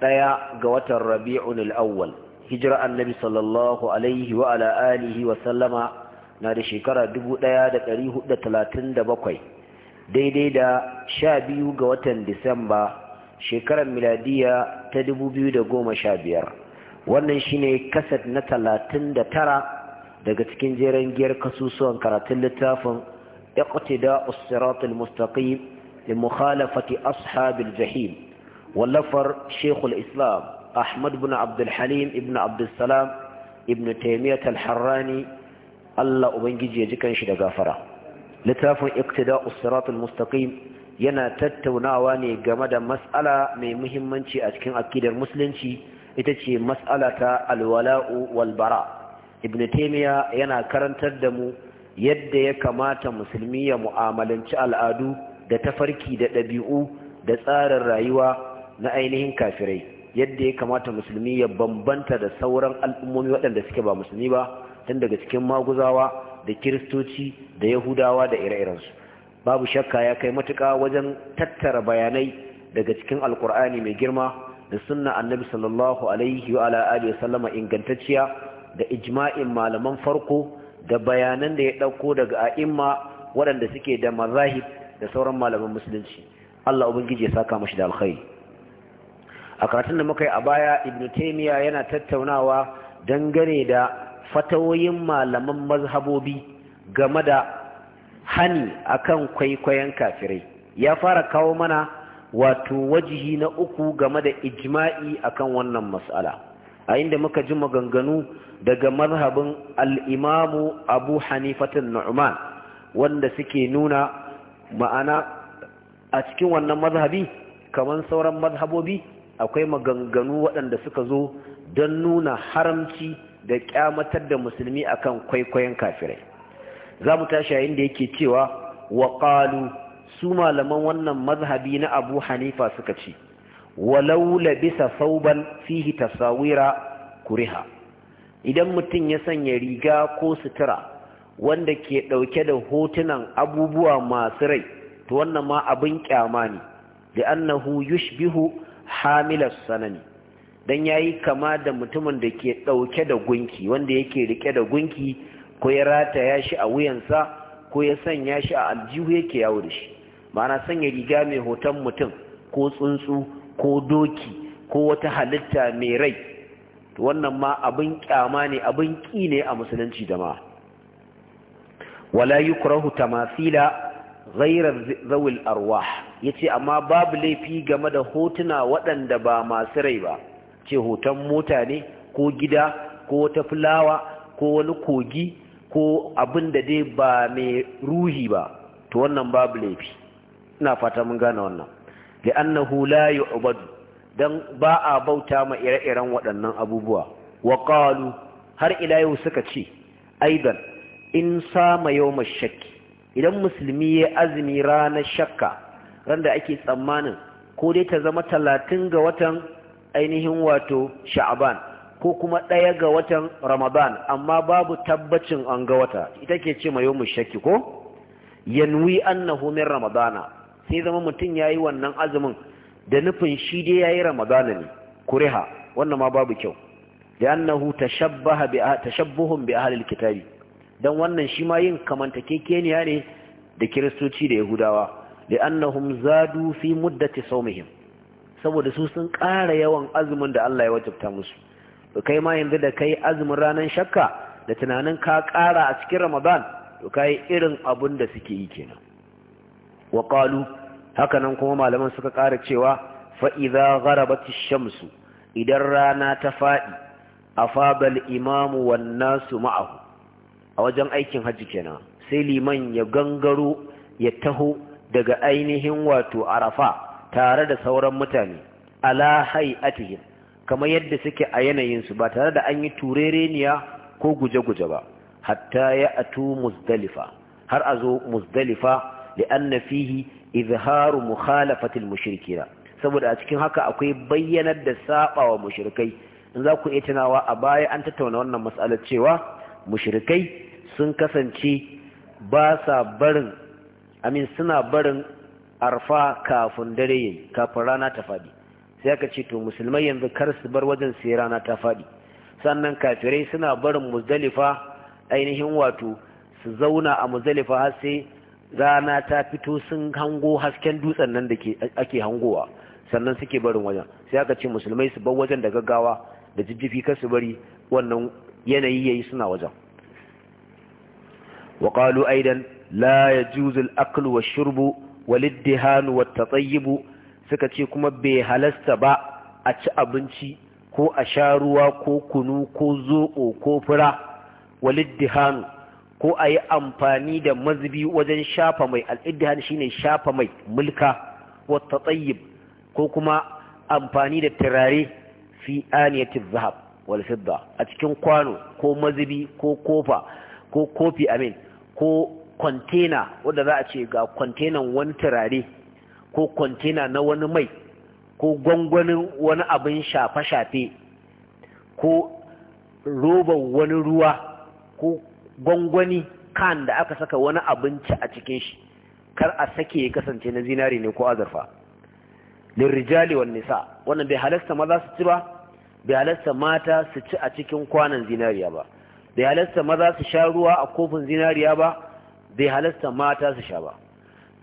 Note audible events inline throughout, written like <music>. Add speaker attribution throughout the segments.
Speaker 1: ɗaya ga watan rabi'un al'awwal hijira annabi sallallahu alaihi wa ala alihi wa sallama na da shekara 1437 daidai da 12 ga watan disamba shekarar miladiya ta 2015 wannan shine kasat na 39 daga cikin jeren giyar kasusuwan karatun littafin iqtida'us siratal mustaqim li mukhalafati ashabil jahim wallafar shekul islam ahmad bin abdulhalim ibn abdulsalam ibn taimiyyat al-harrani allah ubangiji ya ji shi da gafara littafin iktida'us siratul mustaqim yana tattaunawa ne game da mas'ala mai muhimmanci a cikin akidar musulunci ita ce mas'alata ta alwala'u walbara ibn taimiya yana karantar da mu yadda ya kamata musulmi ya mu'amalanci al'adu da tafarki da ɗabi'u da tsarin rayuwa na ainihin kafirai yadda ya kamata musulmi ya bambanta da sauran al'ummomi waɗanda suke ba musulmi ba tun daga cikin maguzawa da kiristoci da yahudawa da ire-irensu babu shakka ya kai matuka wajen tattara bayanai daga cikin alkur'ani mai girma da sunna annabi sallallahu alaihi wa ala alihi sallama ingantacciya da ijma'in malaman farko da bayanan da ya ɗauko daga a'imma waɗanda suke da mazahib da sauran malaman musulunci Allah ubangiji ya saka mashi da alkhairi a karatun da muka yi a baya ibn taymiya yana tattaunawa dangane da fatawoyin malaman mazhabobi game da hani akan kwaikwayon kafirai ya fara kawo mana wato wajihi na uku game da ijma'i akan wannan mas'ala a inda muka ji maganganu daga mazhabin al'imamu abu hanifatun nu'man wanda suke nuna ma'ana a cikin wannan mazhabi kamar sauran mazhabobi akwai maganganu waɗanda suka zo don nuna haramci da kyamatar da musulmi akan kwaikwayon kafirai za mu tashi yayin da yake cewa wa ƙalu su malaman wannan mazhabi na abu hanifa suka ce walau labisa sauban fihi tasawira kuriha idan mutum ya sanya riga ko sutura wanda ke ɗauke da hotunan abubuwa masu rai to wannan ma abin ƙyama ne da annahu yushbihu hamilar sanani don ya yi kama da mutumin da ke ɗauke da gunki wanda yake rike da gunki ko ya rataya shi a wuyansa ko ya sanya shi a aljihu yake yawo da shi ma'ana sanya riga mai hoton mutum ko tsuntsu ko doki ko wata halitta mai rai wannan ma abin kyama ne abin ƙi ne a musulunci da ma wala yukrahu tamasila ghayra zawil arwah ya ce amma babu laifi game da hotuna waɗanda ba masu rai ba ce hoton mota ne ko gida ko wata fulawa ko wani kogi ko abin da dai ba mai ruhi ba to wannan babu laifi ina fata mun gane wannan li'annahu la yu'badu dan ba a bauta ma ire-iren waɗannan abubuwa wa qalu har ila yau suka ce aidan in sama yawmash shakki idan musulmi ya azumi ranar shakka randa ake tsammanin ko dai ta zama talatin ga watan ainihin wato sha'aban ko kuma ɗaya ga watan ramadan amma babu tabbacin an ga wata ita ke ce mai mu shakki ko yanwi annahu min ramadana sai zama mutum yayi wannan azumin da nufin shi dai yayi ramadana ne kuriha wannan ma babu kyau da annahu tashabbaha bi tashabbuhum bi ahli dan wannan shi ma yin kamantakekeniya ne da kiristoci da yahudawa li'annahum zadu fi sau muhim, saboda su sun ƙara yawan azumin da Allah ya wajabta musu to kai ma yanzu da kai azumin ranar shakka da tunanin ka ƙara a cikin Ramadan to kai irin abun da suke yi kenan wa qalu haka nan kuma malaman suka ƙara cewa fa idza gharabat shamsu idan rana ta fadi a al-imam wan nasu ma'ahu a wajen aikin hajji kenan sai liman ya gangaro ya taho daga ainihin wato arafa tare da sauran mutane ala hay'atihim kamar yadda suke a yanayinsu ba tare da an yi turereniya ko guje-guje ba hatta ya atu muzdalifa har a zo muzdalifa li'anna fihi izharu mukhalafatil mushrikina saboda a cikin haka akwai bayyanar da wa mushrikai in za ku iya tunawa a baya an tattauna wannan mas'alar cewa mushrikai sun kasance ba sa barin amin suna barin arfa kafin dare yayi kafin rana ta faɗi, sai aka ce to musulmai yanzu kar su bar wajen sai rana ta faɗi, sannan kafirai suna barin muzdalifa ainihin wato su zauna a muzalifa har sai rana ta fito sun hango hasken dutsen nan da ake hangowa sannan suke barin wajen sai aka ce musulmai su bar wajen da gaggawa da jijjifi kar su bari wannan yanayi yayi suna wajen وقالوا Aidan. la ya juzul aklu wa shurbu waliddihanu wa tatayyibu suka ce kuma bai halasta ba a ci abinci ko a sha ruwa ko kunu ko zoɓo ko fura waliddihanu ko a yi amfani da mazubi wajen shafa mai al'iddihan shine shafa mai mulka wa tsayyib ko kuma amfani da turare fi aniyatin zahab wal a cikin kwano ko mazubi ko kofa ko kofi amin ko kwantena wadda za a ce ga kwantenan wani turare ko kwantena na wani mai ko gwangwanin wani abin shafe-shafe ko roban wani ruwa ko gwangwani kan da aka saka wani abinci a cikin shi kar a sake ya kasance na zinari ne ko azurfa lirrijali wan nisa wannan bai halasta maza su ci ba bai halasta mata su ci a cikin kwanan zinariya ba bai halasta maza su sha ruwa a kofin zinariya ba bai halasta mata su sha ba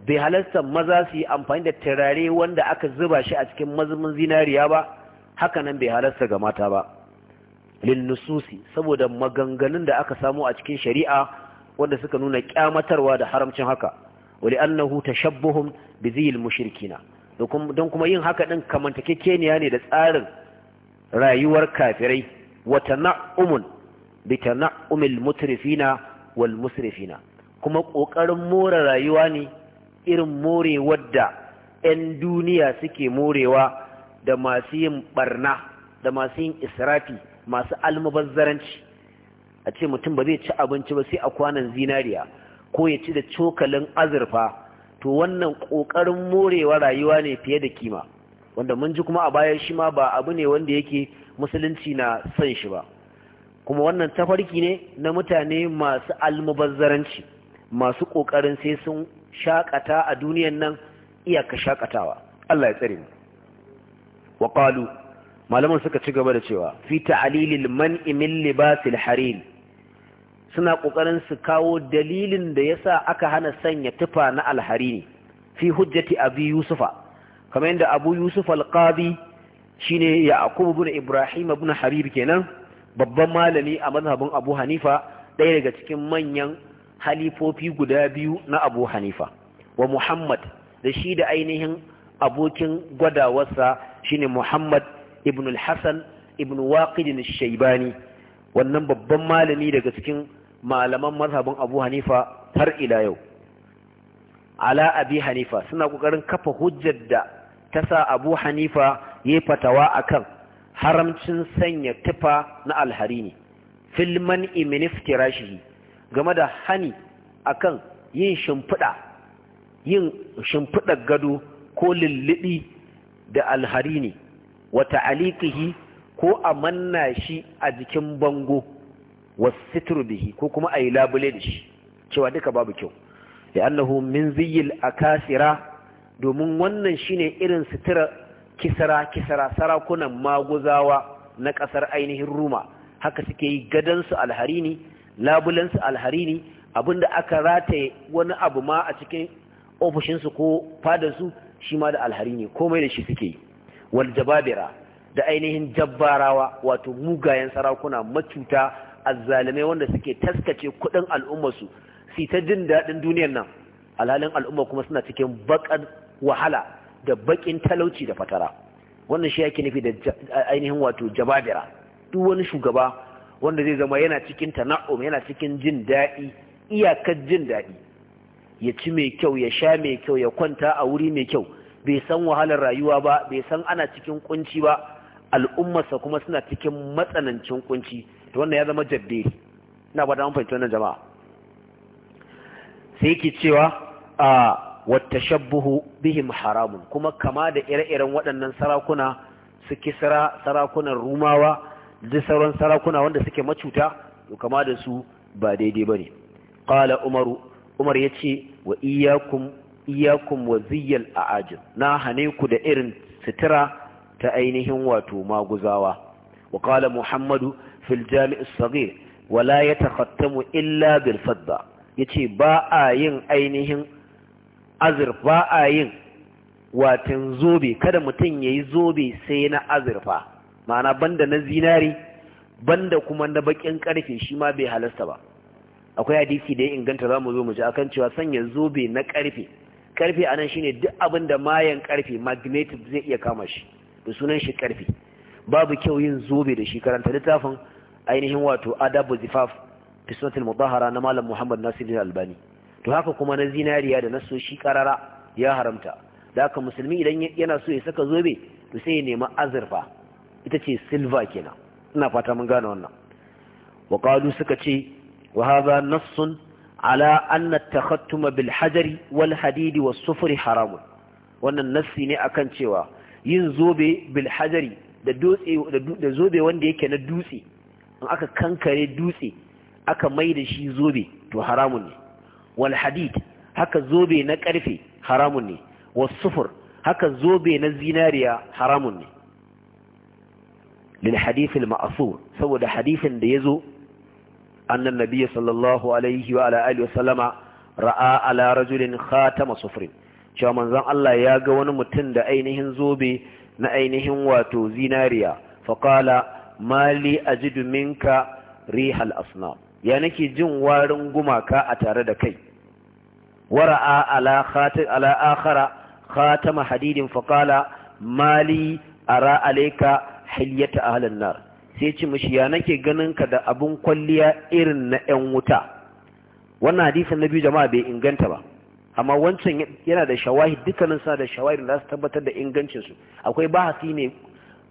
Speaker 1: bai halasta maza su yi amfani da turare wanda aka zuba shi a cikin mazumin zinariya ba haka nan bai halasta ga mata ba linnususi saboda maganganun da aka samu a cikin shari'a wanda suka nuna kyamatarwa da haramcin haka wali annahu tashabbuhum bi zil mushrikina don kuma yin haka din kamantakekeniya ne da tsarin rayuwar kafirai wa tana'umun bi tana'umil mutrifina wal musrifina kuma ƙoƙarin more rayuwa ne irin morewar da 'yan duniya suke morewa da masu yin barna da masu yin israfi masu almubazzaranci a ce mutum ba zai ci abinci ba sai a kwanan zinariya ko ya ci da cokalin azurfa to wannan ƙoƙarin morewa rayuwa ne fiye da kima wanda mun ji kuma a baya shi ma ba abu ne wanda yake musulunci na son shi ba kuma wannan tafarki ne na mutane masu almubazzaranci masu ƙoƙarin sai sun shaƙata a duniyan nan iyaka shaƙatawa Allah ya tsare mu wa qalu malaman suka ci gaba da cewa fi ta'lilil man'i min libasil harir suna ƙoƙarin su kawo dalilin da ya sa aka hana sanya tufa na alharini fi hujjati abi yusufa kamar yadda abu yusuf alqadi shine yaqub ibn ibrahim ibn habib kenan babban malami a mazhabin abu hanifa ɗaya daga cikin manyan halifofi guda biyu na abu hanifa wa muhammad da shi da ainihin abokin gwadawarsa shine muhammad ibn al-hassan ibn waqidin shaibani wannan babban malami daga cikin malaman mazhabin abu hanifa har ila yau ala abi hanifa suna kokarin kafa hujjar da ta sa abu hanifa ya fatawa akan haramcin sanya tufa na alharini filman iminif kirashihi game da hani akan yin shimfiɗa yin shimfiɗar gado ko lilliɗi da alhari ne wata alikihi ko a manna shi a jikin bango wasu bihi ko kuma a yi labule da shi cewa duka babu kyau da annahu min ziyil kasira domin wannan shine irin sutura kisara kisara sarakunan maguzawa na ƙasar ainihin ruma haka suke yi gadansu alharini labulansu alharini abinda aka rataye wani abu ma a cikin ofishinsu ko fadarsu shi ma da alharini komai da shi suke yi wal jababira da ainihin jabbarawa wato mugayen sarakuna macuta azzalume wanda suke taskace kudin al'ummarsu su ta jin daɗin duniyar nan alhalin al'umma kuma suna cikin bakar wahala da bakin talauci da fatara wannan shi yake nufi da ainihin wato jababira duk wani shugaba wanda zai zama yana cikin tana'um yana cikin jin daɗi iyakar jin daɗi ya ci mai kyau ya sha mai kyau ya kwanta a wuri mai kyau bai san wahalar rayuwa ba bai san ana cikin kunci ba al'ummarsa kuma suna cikin matsanancin kunci to wannan ya zama jabbe ina ba da an fahimta wannan jama'a sai yake cewa a wata shabbuhu bihim haramun kuma kama da ire-iren waɗannan sarakuna su kisra sarakunan rumawa duk sauran sarakuna wanda suke macuta to kama da su ba daidai ne qala umaru umar yace wa iyakun iyyakum wa ziyyal aajil na hane ku da irin sitira ta ainihin wato maguzawa wa muhammadu fil jami' as Wala ya la illa bil fadda yace ba a yin ainihin azurfa a yin watan zobe kada mutum yayi zobe sai na azurfa ma'ana banda na zinari banda kuma na bakin karfe shi ma bai halasta ba akwai hadisi da ya inganta za mu zo mu ji akan cewa sanya zobe na karfe karfe nan shine duk abin da mayan karfe magnetic zai iya kama shi da sunan shi karfe babu kyau yin zobe da shi karanta littafin ainihin wato adabu zifaf fisnatul Mubahara, na malam muhammad nasir albani to haka kuma na zinariya da na shi karara ya haramta da haka musulmi idan yana so ya saka zobe to sai ya nemi azurfa ita ce silva kenan ina fata mun gane wannan wa qalu suka ce wa hadha nassun ala anna takhattuma bil hajari wal hadidi was sufri haramun wannan nassi ne akan cewa yin zobe bil hajari da dutse da zobe wanda yake na dutse in aka kankare dutse aka mai da shi zobe to haramun ne wal hadid haka zobe na karfe haramun ne was sufur haka zobe na zinariya haramun ne lil hadithil ma'asur saboda hadisin da ya zo nabiyyi sallallahu alaihi wa ala alihi wa sallama ra'a ala rajulin khatama sufrin cewa manzon Allah ya ga wani mutum da ainihin zobe na ainihin wato zinariya faƙala mali ajidu minka rihal asna ya nake jin warin gumaka a tare da kai wara'a ala akhara khatama hadidin faƙala mali ara alaika hilyata ahlan nar sai ce mishi ya nake ganin ka da abun kwalliya irin na ƴan wuta wannan hadisin na biyu jama'a bai inganta ba amma wancan yana da shawahi. dukkanin suna da shawahi da su tabbatar da ingancin su akwai bahasi mai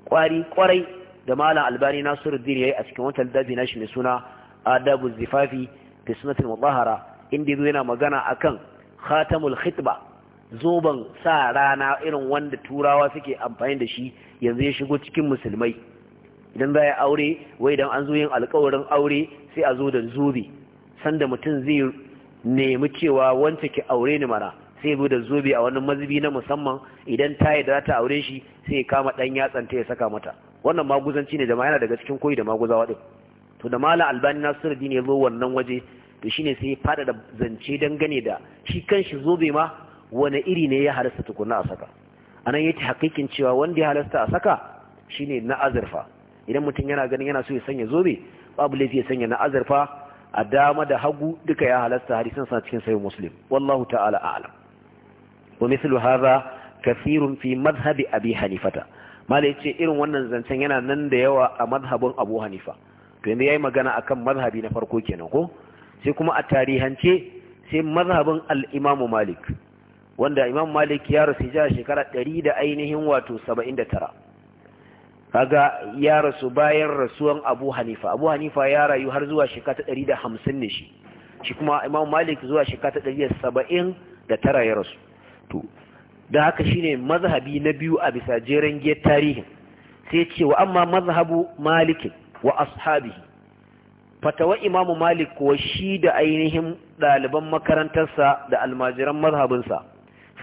Speaker 1: kwari kwarai da malam albani nasiruddin yayi a cikin wata littafi nashi mai suna adabu zifafi fi sunnatul mudahara inda yana magana akan khatamul khitba zoben sa rana irin wanda turawa suke amfani da shi yanzu ya shigo cikin musulmai idan za a aure wai idan an zo yin alkawarin aure sai a zo da zobe sanda mutum zai nemi cewa wancan ki aure ni mana sai zo da zobe a wani mazubi na musamman idan ta yi da ta aure shi sai ya kama dan yatsanta ya saka mata wannan maguzanci ne da yana daga cikin koyi da maguzawa din to da mala albani dini ya zo wannan waje to shine sai ya fada da zance dangane da shi kanshi zobe ma wani iri ne ya halasta tukuna a saka anan yace hakikin cewa wanda ya halasta a saka shine na azurfa idan mutum yana ganin yana so ya sanya zobe babu laifi ya sanya na azurfa a dama da hagu duka ya halasta hadisin sa cikin sahih muslim wallahu ta'ala a'lam wa mithlu hadha kathirun fi madhhabi abi hanifata mala yace irin wannan zancen yana nan da yawa a madhhabin abu hanifa to ya yayi magana akan madhhabi na farko kenan ko sai kuma a tarihance sai mazhabin al imamu malik wanda imam malik ya rasu ja shekara ɗari da ainihin wato saba'in da tara kaga ya rasu bayan rasuwan abu hanifa abu hanifa ya rayu har zuwa shekara ɗari da hamsin ne shi shi kuma imam malik zuwa shekara ɗari da saba'in da tara ya rasu to da haka shine mazhabi na biyu a bisa jeren giyar tarihin sai ce wa amma mazhabu malikin wa ashabihi fatawa imamu malik ko shi da ainihin ɗaliban makarantarsa da almajiran mazhabinsa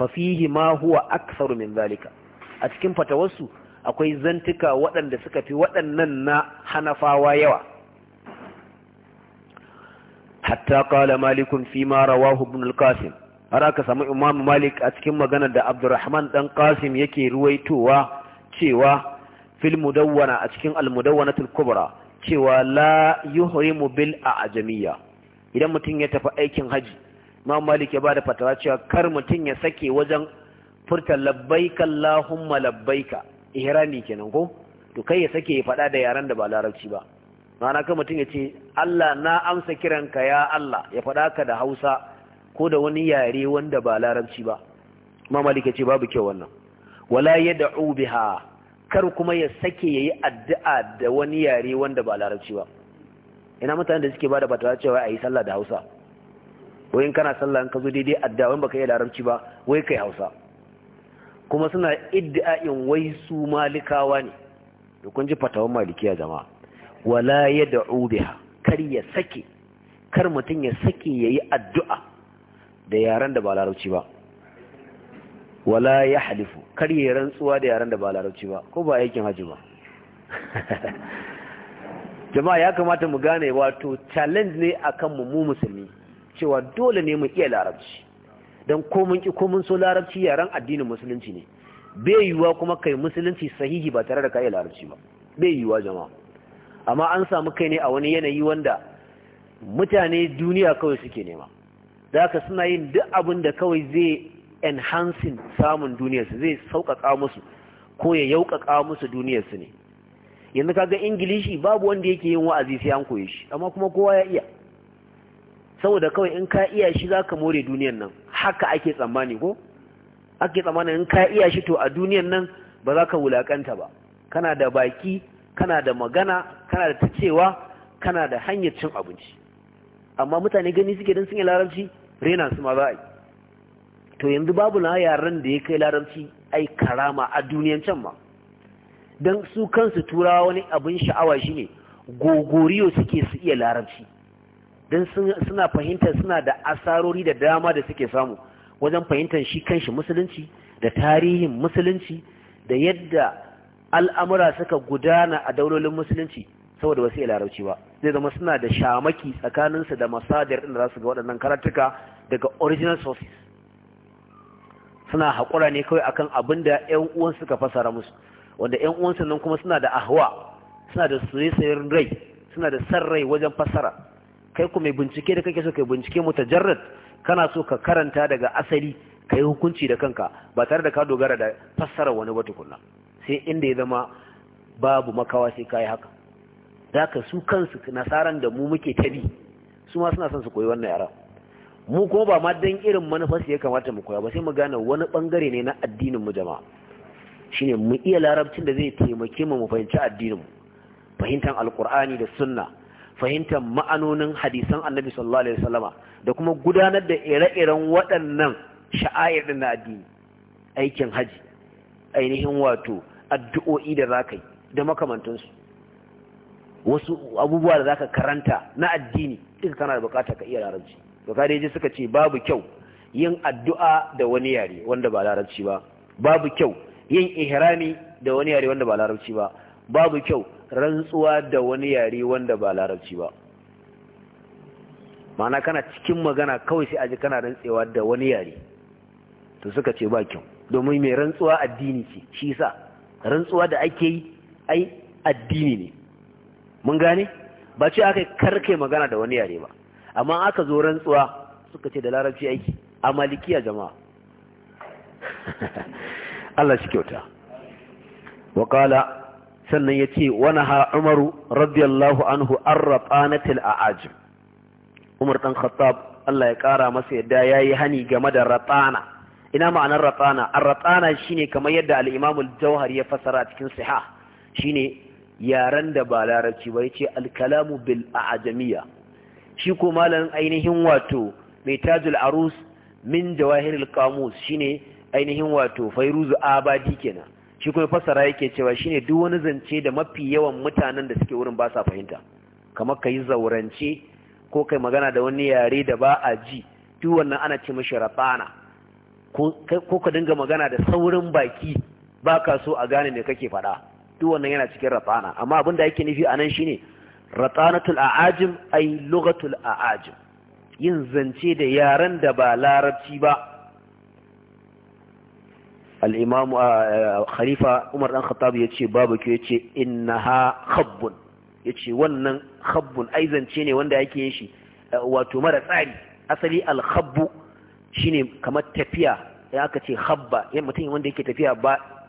Speaker 1: fafihi ma huwa aksaru min zalika a cikin fatawarsu akwai zantuka waɗanda suka fi waɗannan na hanafawa yawa hatta qala malikun fi ma rawahu ibn al-qasim har aka samu imam malik a cikin maganar da abdurrahman dan qasim yake ruwaitowa cewa fil mudawwana a cikin al-mudawwanatul kubra cewa la yuhrimu bil a'jamiyya idan mutum ya tafi aikin haji imam malik ya ba da fatawa cewa kar mutum ya sake wajen furta labbaika allahumma labbaika ihrami kenan ko to kai ya sake ya fada da yaran da ba larabci ba ma'ana kan mutum ya ce Allah na amsa kiranka ya Allah ya fada ka da Hausa ko da wani yare wanda ba larabci ba imam malik ya ce babu kyau wannan wala yad'u biha kar kuma ya sake yayi addu'a da wani yare wanda ba larabci ba ina mutanen da suke bada fatawa cewa ayi sallah da Hausa wai in kana sallah in ka zo daidai adda wai baka yi larabci ba wai kai hausa kuma suna iddi'a'in wai su malikawa ne da kun ji fatawan malikiya jama'a wala ya da'u biha kar ya sake kar mutum ya sake yayi addu'a da yaran da ba larabci ba wala ya halifu kar ya rantsuwa da yaran da ba larabci ba ko ba aikin haji ba <laughs> jama'a ya kamata mu gane wato challenge ne akan mu mu musulmi cewa dole ne mu iya larabci don komun ki komun so larabci yaren addinin musulunci ne bai yiwuwa kuma kai musulunci sahihi ba tare da ka iya larabci ba bai yiwuwa jama'a amma an samu kai ne a wani yanayi wanda mutane duniya kawai suke nema da ka suna yin duk abin da kawai zai enhancing samun duniyarsu zai sauƙaƙa musu ko ya yauƙaƙa musu duniyarsu ne yanzu kaga ingilishi babu wanda yake yin wa'azi sai an koye shi amma kuma kowa ya iya saboda kawai in ka iya shi za ka more duniyan nan haka ake tsammani ko ake tsammani in ka iya shi to a duniyan nan ba za ka wulakanta ba kana da baki kana da magana kana da ta kana da hanyar cin abinci amma mutane gani suke don sun yi larabci rena su ma za a yi to yanzu babu na yaren da ya kai larabci ai karama a duniyan can ma don su kansu turawa wani abin sha'awa shine gogoriyo suke su iya larabci don suna fahimtar suna da asarori da dama da suke samu wajen fahimtar shi kanshi musulunci da tarihin musulunci da yadda al'amura suka gudana a daulolin musulunci saboda wasu larauci ba zai zama suna da shamaki tsakaninsu da masadar inda za su ga waɗannan karatuka daga original sources suna haƙura ne kawai akan abin da 'yan uwan suka fasara musu wanda 'yan uwan nan kuma suna da ahwa suna da tsaye-tsayen rai suna da san rai wajen fasara kai ku mai bincike da kake so kai bincike mu ta mutajarrad kana so ka karanta daga asali kai hukunci da kanka ba tare da ka dogara da fassara wani ba tukunna sai inda ya zama babu makawa sai kai haka zaka su kansu nasaran da mu muke tabi su ma suna son su koyi wannan yara mu kuma ba ma dan irin manufarsu ya kamata mu koya ba sai mu gane wani bangare ne na addinin mu jama'a shine mu iya larabcin da zai taimake mu mu fahimci addinin mu fahimtar alkur'ani da sunna fahimtar ma'anonin hadisan annabi sallallahu alaihi wasallama da kuma gudanar da ire-iren waɗannan sha'air na addini aikin haji ainihin wato addu'o'i da zaka yi da makamantansu wasu abubuwa da zaka karanta na addini duka kana da bukata ka iya larabci to ka dai suka ce babu kyau yin addu'a da wani yare wanda ba larabci ba babu kyau yin ihrami da wani yare wanda ba larabci ba babu kyau rantsuwa da wani yare wanda ba larabci ba mana kana cikin magana kawai sai aji kana rantsewa da wani yare to suka ce ba kyau domin mai rantsuwa addini ce shi yasa rantsuwa da ake yi ai addini ne mun gane ba ce aka karkai magana da wani yare ba amma aka zo rantsuwa suka ce da larabci aiki a malikiya jama'a <laughs> Allah shi kyauta wa sannan ya ce wani ha umaru radiyallahu anhu an raɓanatil a ajin umar ɗan khattab Allah ya ƙara masa yadda ya yi hani game da raɓana ina ma'anar raɓana an raɓana shi ne kamar yadda al'imamul jauhar ya fasara cikin siha shi ne yaren da ba larabci ba ya ce alkalamu bil a shi ko malamin ainihin wato mai tajul arus min jawahiril kamus shi ne ainihin wato fairuzu abadi kenan shi kuma fassara yake cewa shine duk wani zance da mafi yawan mutanen da suke wurin ba sa fahimta kamar kai zaurance ko kai magana da wani yare da ba a ji duk wannan ana ce mashi rabana ko ka dinga magana da saurin baki ba ka so a gane me kake faɗa duk wannan yana cikin rabana amma abin da yake nufi anan shine ratanatul a'ajim ay lughatul a'ajim yin zance da yaren da ba larabci ba al'imamu a khalifa umar ɗan khattab ya ce babu kyau yace ce inna ha khabbun ya ce wannan khabbun aizance ne wanda yake yin shi wato mara tsari asali alhabbu shine kamar tafiya ya aka ce habba yan mutum wanda yake tafiya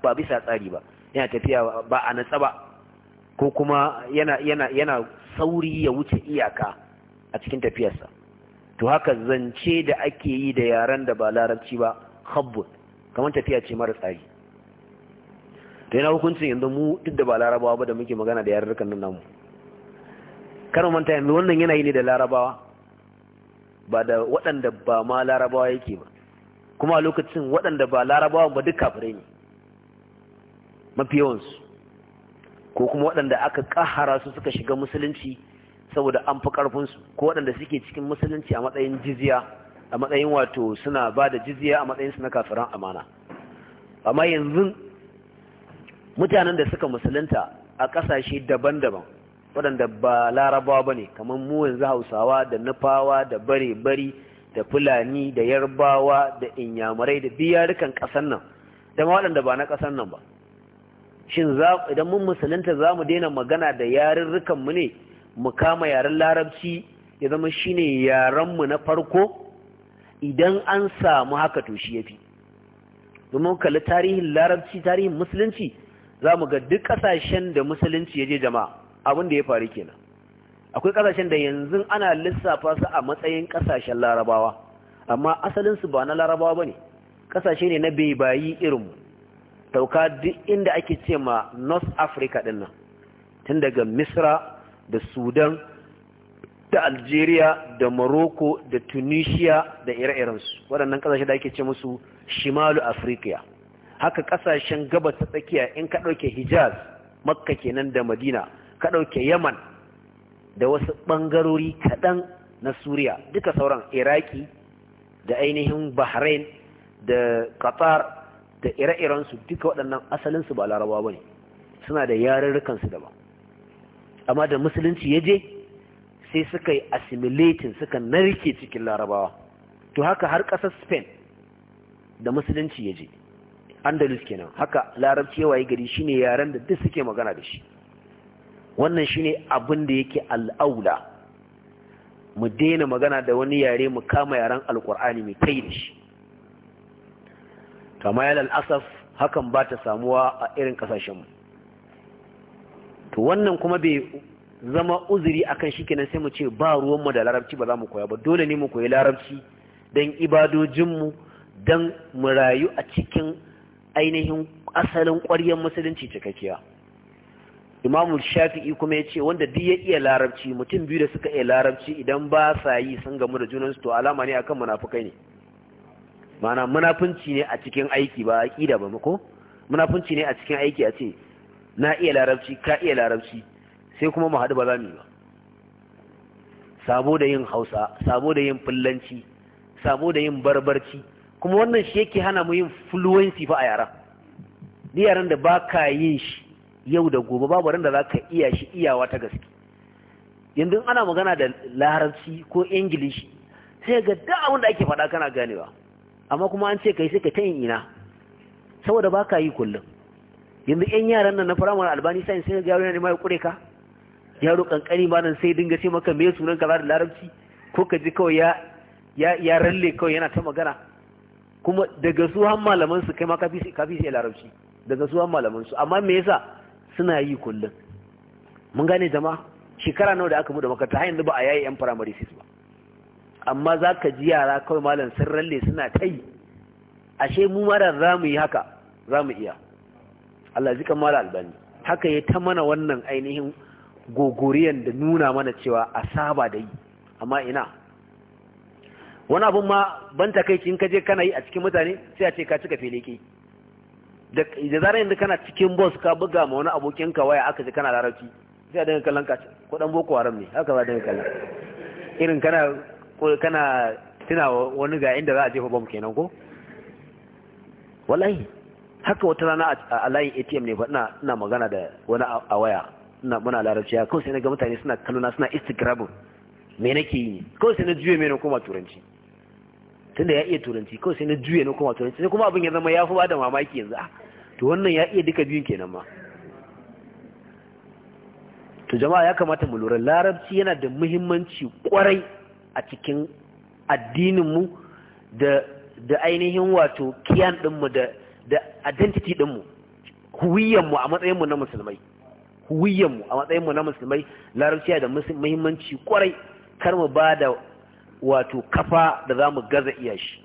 Speaker 1: ba bisa tsari ba yana tafiya ba a natsa tsaba ko kuma yana yana yana sauri ya wuce iyaka a cikin tafiyarsa to haka zance da ake yi da yaren da ba larabci ba habbun. kamar tafiya ce mara tsari ta yana hukuncin yanzu mu duk da ba larabawa ba da muke magana da yarurrukan nan namu kar manta yanzu wannan yana yi ne da larabawa ba da waɗanda ba ma larabawa yake ba kuma a lokacin waɗanda ba larabawa ba duk kafirai ne mafi yawansu ko kuma waɗanda aka ƙahara su suka shiga musulunci saboda an fi ƙarfinsu ko waɗanda suke cikin musulunci a matsayin jiziya. a matsayin wato suna ba da jizya a matsayin su na kafiran amana amma yanzu mutanen da suka musulunta a ƙasashe daban-daban waɗanda ba larabawa ba ne kamar mu yanzu hausawa da nufawa da bare-bari da fulani da yarbawa da inyamurai da biyarukan ƙasar nan da waɗanda ba na ƙasar nan ba shin idan mun musulunta za mu daina magana da yarurrukanmu ne mu kama yaren larabci ya zama shine mu na farko idan an samu haka to shi yafi domin kalli tarihin larabci tarihin musulunci za mu ga duk ƙasashen da musulunci ya je jama'a abin da ya faru kenan akwai ƙasashen da yanzu ana lissafa su a matsayin ƙasashen larabawa amma asalin su ba na larabawa ba ne ƙasashe ne na bebayi irin tauka duk inda ake ce ma north africa ɗin tun daga misra da sudan da algeria da morocco da tunisia da ire-irensu waɗannan ƙasashe da ake ce musu shimalu afirka haka ƙasashen gabas ta tsakiya in ka ɗauke hijaz makka kenan da madina ka ɗauke yaman da wasu ɓangarori kaɗan na suriya duka sauran iraki da ainihin bahrain da qatar da ire-irensu duka waɗannan asalinsu ba Larabawa ba ne suna da yarurrukansu daban amma da musulunci ya je sai suka yi assimilating suka narke cikin larabawa to haka har ƙasar spain da musulunci ya je andalus kenan haka larabci ya waye gari shine yaren da duk suke magana da shi wannan shine abin da yake al'aula mu daina magana da wani yare mu kama yaren alkur'ani mai kai da shi kama yalal asaf hakan ba ta samuwa a irin kasashenmu to wannan kuma bai zama uzuri akan shi kenan sai mu ce ba ruwanmu da larabci ba za mu koya ba dole ne mu koyi larabci don ibadojinmu don mu rayu a cikin ainihin asalin ƙwaryar musulunci cikakkiya imamu shafi'i kuma ya ce wanda duk ya iya larabci mutum biyu da suka iya larabci idan ba sa yi sun gamu da junansu to alama ne akan munafukai ne mana munafunci ne a cikin aiki ba ƙida ba ko munafunci ne a cikin aiki a ce na iya larabci ka iya larabci sai kuma mu haɗu ba za mu yi ba sabo da yin hausa sabo da yin fullanci sabo da yin barbarci kuma wannan shi yake hana mu yin fluency fa a yaran ni yaran da ba ka yin shi yau da gobe babu ran da za ka iya shi iyawa ta gaske yanzu ana magana da larabci ko ingilishi sai ga duk abin da ake faɗa kana ganewa amma kuma an ce kai sai ka ta yin ina saboda ba ka yi kullum yanzu 'yan yaran nan na firamare albani science sai ga yaro ne mai ya kure ka yaro kankani ba nan sai dinga ce maka me sunan kaza da larabci ko ka ji kawai ya ya ya ralle kawai yana ta magana kuma daga su han malaman su kai ma kafi kafi sai larabci daga su han malaman su amma me yasa suna yi kullum mun gane jama'a shekara nawa da aka buɗe makaranta har yanzu ba a yayi yan primary six ba amma za ka ji yara kawai malam sun ralle suna ta yi ashe mu mara za mu yi haka za mu iya Allah zika mara albani haka ya ta mana wannan ainihin gogoriyan da nuna mana cewa a saba da yi amma ina wani abun ma ban takaici in kaje kana yi a cikin mutane sai a ce ka cika feleke da zarar yanzu kana cikin bus ka buga ma wani abokin ka waya aka ji kana larabci sai a dinga kallon ka dan boko haram ne haka za dinga kallon irin kana kana tuna wani ga inda za a jefa bom kenan ko wallahi haka wata rana a layin ATM ne ba ina magana da wani a waya na muna larabci ya kawai sai na ga mutane suna kallona suna instagramin me nake yi kawai sai na juye mai na koma turanci tun da ya iya turanci kawai sai na juye na koma turanci sai kuma abin ya zama ya fi da mamaki yanzu ah, to wannan ya iya duka biyun kenan ma to jama'a ya kamata mu lura larabci yana da muhimmanci kwarai a cikin addininmu da da ainihin wato kiyan dinmu da da identity dinmu huwiyanmu a matsayinmu na musulmai huwiyyarmu a matsayinmu na musulmai larabciya da muhimmanci kwarai kar mu ba da wato kafa da za mu gaza iya shi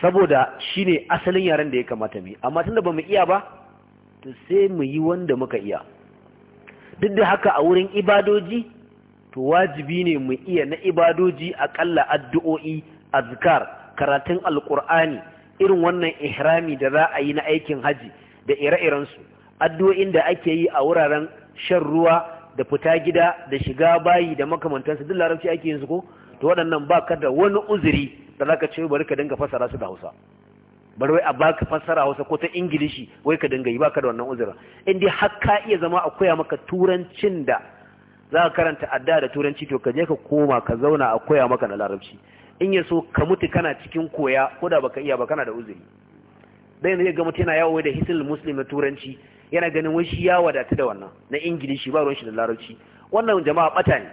Speaker 1: saboda shi ne asalin yaren da ya kamata mu yi amma tun da ba mu iya ba to sai mu yi wanda muka iya duk da haka a wurin ibadoji to wajibi ne mu iya na ibadoji aƙalla addu'o'i azkar karatun alƙur'ani irin wannan ihrami da za a yi na aikin haji da ire-irensu addu'o'in da ake yi a wuraren shan ruwa da fita gida da shiga bayi da makamantansu duk larabci ake yin su ko to waɗannan ba ka wani uzuri da za ka ce bari ka dinga fassara su da hausa bari wai a baka fassara hausa ko ta ingilishi wai ka dinga yi ba ka da wannan uzurin in dai har ka iya zama a koya maka turancin da za ka karanta adda da turanci to ka je ka koma ka zauna a koya maka na larabci in ya so ka mutu kana cikin koya ko da baka iya ba kana da uzuri dai ne ga mutum yana yawo da hisil muslim na turanci yana ganin wai shi ya wadata da wannan na ingilishi ba ruwan shi da larabci wannan jama'a bata ne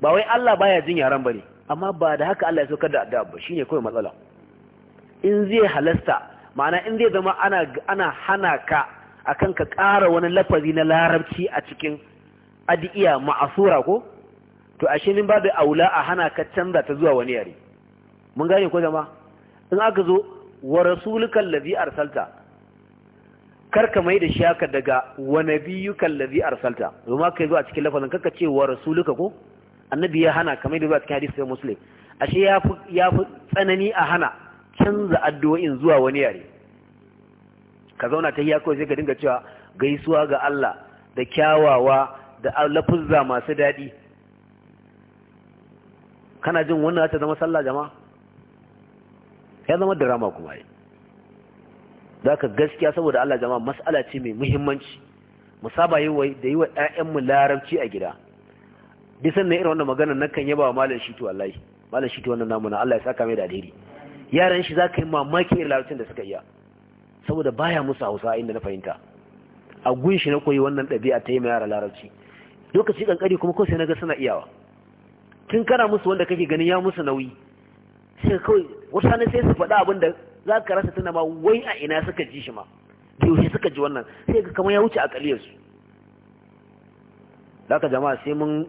Speaker 1: ba wai Allah baya jin yaran bane amma ba da haka Allah ya saukar da adab ba shine kawai matsala in zai halasta ma'ana in zai zama ana ana hana ka akan ka ƙara wani lafazi na larabci a cikin adiya ma'asura ko to ashe min babu aula a hana ka canza ta zuwa wani yare mun gane ko jama'a in aka zo wa rasulukal ladhi arsalta karka mai da shaka daga wa nabiyyuka allazi arsalta domin kai zuwa cikin lafazin ka ce wa rasuluka ko annabi ya hana kamar da zuwa cikin hadisi sai muslim ashe ya ya tsanani a hana canza addu'o'in zuwa wani yare ka zauna ta hiya kawai sai ka dinga cewa gaisuwa ga Allah da kyawawa da lafuzza masu daɗi kana jin wannan ta zama sallah jama'a ya zama drama kuma yi zaka gaskiya saboda Allah jama'a mas'ala ce mai muhimmanci mu saba yi wai da yi wa ƴaƴanmu larabci a gida duk sannan irin wannan magana kan yaba wa malam shitu wallahi malam shitu wannan namu na Allah ya saka mai da alheri yaran shi zaka yi mamakin irin larabcin da suka iya saboda baya musu Hausa inda na fahimta a gunshi na koyi wannan ɗabi'a ta yi ma yara larabci lokaci kankari kuma ko sai naga suna iyawa tun kana musu wanda kake ganin ya musu nauyi sai kawai wasu sai su faɗa abin da za ka rasa tana ma wai a ina suka ji shi ma yaushe suka ji wannan sai ga kamar ya wuce a su za ka jama'a sai mun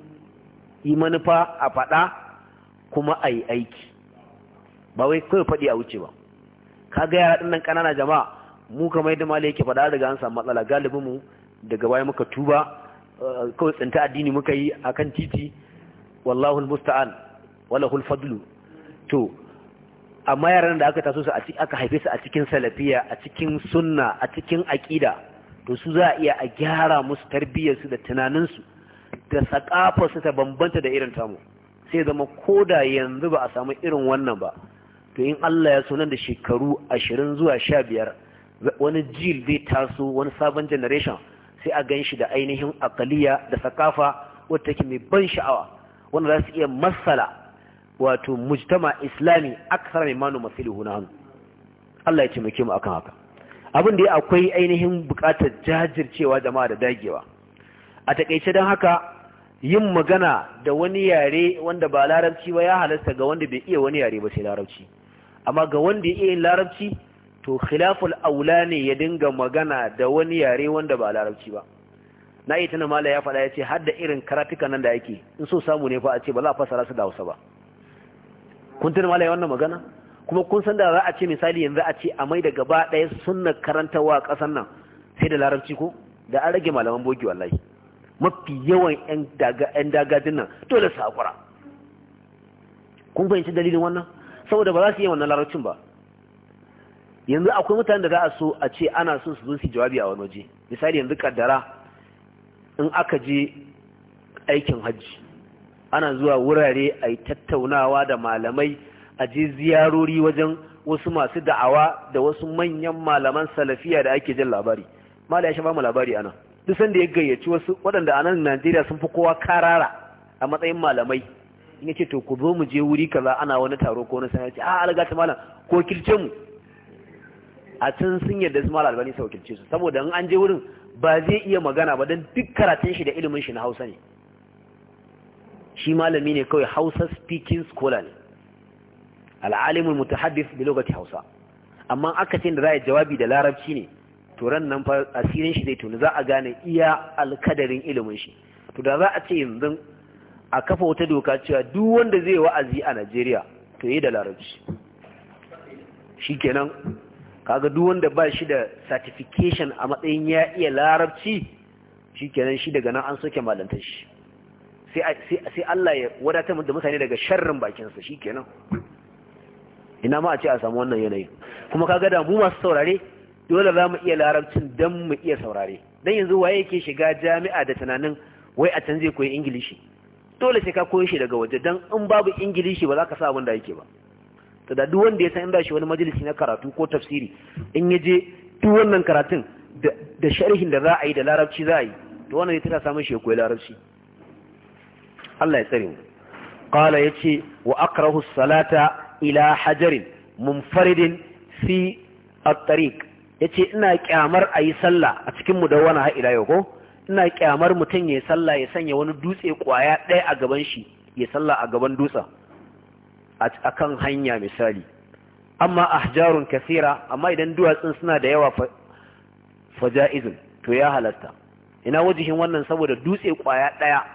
Speaker 1: yi manufa a faɗa kuma a yi aiki ba wai kawai faɗi a wuce ba ka ga yara ɗin nan ƙanana jama'a mu kamar yadda mali yake faɗa daga an samu matsala galibin mu daga baya muka tuba eh, kawai tsinta addini muka yi akan titi wallahu musta'an walahul fadlu to amma yaran da aka taso su aka haife su a cikin salafiya a cikin sunna a cikin aƙida to su za a iya a gyara musu tarbiyyarsu da tunanin su da sakafarsu ta bambanta da irin tamu sai zama ko da yanzu ba a samu irin wannan ba to in Allah ya so nan da shekaru ashirin zuwa sha biyar wani jil zai taso wani sabon generation sai a gan shi da ainihin akaliya da sakafa wata take mai ban sha'awa wanda za su iya masala wato mujtama islami aksar mai manu masiluhu na hannu Allah ya ce muke mu akan haka abin da ya akwai ainihin bukatar jajircewa jama'a da dagewa a takaice don haka yin magana da wani yare wanda ba larabci ba ya halasta ga wanda bai iya wani yare ba sai larabci amma ga wanda ya iya yin larabci to khilaful aula ne ya dinga magana da wani yare wanda ba larabci ba na iya tana mala ya faɗa ya ce har da irin karatuka nan da yake in so samu ne fa a ce ba za a fasara su da hausa ba kun tuni malai wannan magana kuma kun san da za a ce misali yanzu a ce a mai da gaba ɗaya sunna karantawa a ƙasar nan sai da larabci ko da an rage malaman bogi wallahi mafi yawan yan dagajin nan dole su haƙura kun fahimci dalilin wannan saboda ba za su yi wannan larabcin ba yanzu akwai mutanen da za a so a ce ana so su zo su jawabi a wani waje misali yanzu kaddara in aka je aikin hajji ana zuwa wurare a yi tattaunawa da malamai a je ziyarori wajen wasu masu da'awa da wasu manyan malaman salafiya da ake jin labari mala ya shafa mu labari ana duk sanda ya gayyaci wasu waɗanda a nan Najeriya sun fi kowa karara a matsayin malamai in yace to ku zo mu je wuri kaza ana wani taro ko wani sanaci a alga ta malam ko kirce mu a can sun yarda su malam albani sa wakilce su saboda in an je wurin ba zai iya magana ba don duk karatun shi da ilimin shi na Hausa ne shi malami ne kawai hausa speaking scholar ne al'alimul mutahaddis bi lokaci hausa amma aka ce da za a jawabi da larabci ne to ran nan fa asirin shi zai tuni za a gane iya alkadarin ilimin shi to da za a ce yanzu a kafa wata doka cewa duk wanda zai wa'azi a Najeriya to yi da larabci shikenan kaga duk wanda ba shi da certification a matsayin ya iya larabci shikenan shi daga nan an soke malantar shi sai Allah ya wadatar da mutane daga sharrin bakinsa shi kenan ina ma a ce a samu wannan yanayin kuma kaga da mu masu saurare dole za mu iya larabcin don mu iya saurare don yanzu waye yake shiga jami'a da tunanin wai a can zai koyi ingilishi dole sai ka koyi shi daga waje don in babu ingilishi ba za ka sa abin da yake ba to da duk wanda ya san in shi wani majalisi na karatu ko tafsiri in ya je duk wannan karatun da sharhin da za a yi da larabci za a yi to wannan ne ta samun shi ya koyi larabci Allah ya tsare mu qala yace wa akrahu salata ila hajarin munfaridin fi at-tariq yace ina kyamar ayi sallah a cikin mu da wani ha yau ko ina kyamar mutum ya sallah ya sanya wani dutse kwaya ɗaya a gaban shi ya sallah a gaban dutsen a kan hanya misali amma ahjarun kasira amma idan duwatsun suna da yawa faja'izin to ya halatta. ina wajihin wannan saboda dutse kwaya ɗaya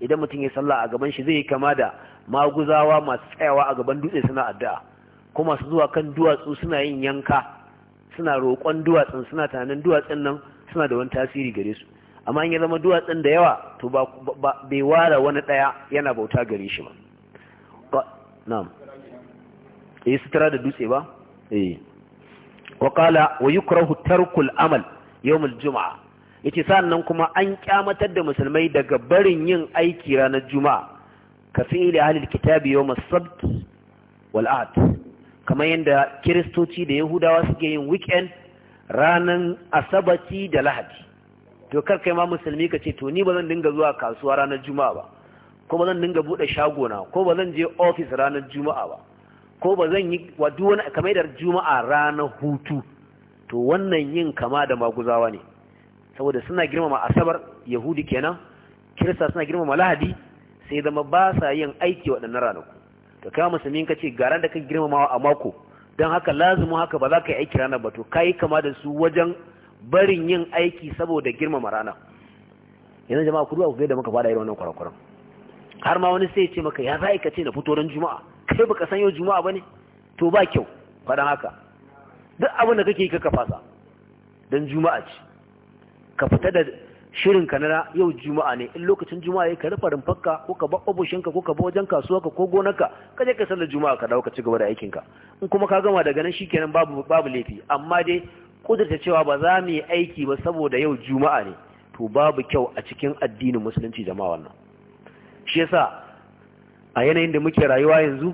Speaker 1: idan mutum ya sallah a gaban shi zai yi kama da maguzawa masu tsayawa a gaban dutse suna addu'a ko masu zuwa kan duwatsu suna yin yanka suna roƙon duwatsun suna tunanin duwatsun nan suna da wani tasiri gare su amma in ya zama duwatsun da yawa to ba bai ware wani ɗaya yana bauta gare shi ba na'am eh sutura da dutse ba eh wa qala wa yukrahu tarkul amal yawm al-jum'a yace sannan kuma an kyamatar da musulmai daga barin yin aiki ranar juma'a ka ila ahlil kitabi yau sabt wal kamar yadda kiristoci da yahudawa suke yin weekend ranar asabaci da lahadi to kar kai ma musulmi ka ce to ni ba zan dinga zuwa kasuwa ranar juma'a ba ko ba zan dinga bude shagona ko ba zan je ofis ranar juma'a ba ko ba zan yi wa duk wani kamar yadda juma'a ranar hutu to wannan yin kama da maguzawa ne saboda suna girmama asabar yahudi kenan kirista suna girmama lahadi sai zama ba sa yin aiki waɗannan ranaku ka kama musulmi ka ce garan da ka girmamawa a mako don haka lazumin haka ba za ka yi aiki ranar ba to ka yi kama da su wajen barin yin aiki saboda girmama rana yanzu jama'a ku a ku da muka fada irin wannan kwarakwaran har ma wani sai ya ce maka ya za ka ce na fito don juma'a kai baka san yau juma'a ba ne? to ba kyau faɗan haka duk abin da kake yi kaka fasa don juma'a ce ka fita da shirin ka na yau juma'a ne in lokacin juma'a yayi ka rufa rumfarka ko ka ba ofishinka ko ka bar wajen kasuwarka ko gonarka ka je ka sallar juma'a ka dawo ka ci gaba da aikin ka in kuma ka gama daga nan shikenan babu babu laifi amma dai kudurta cewa ba za mu yi aiki ba saboda yau juma'a ne to babu kyau a cikin addinin musulunci jama'a wannan shi yasa a yanayin da muke rayuwa yanzu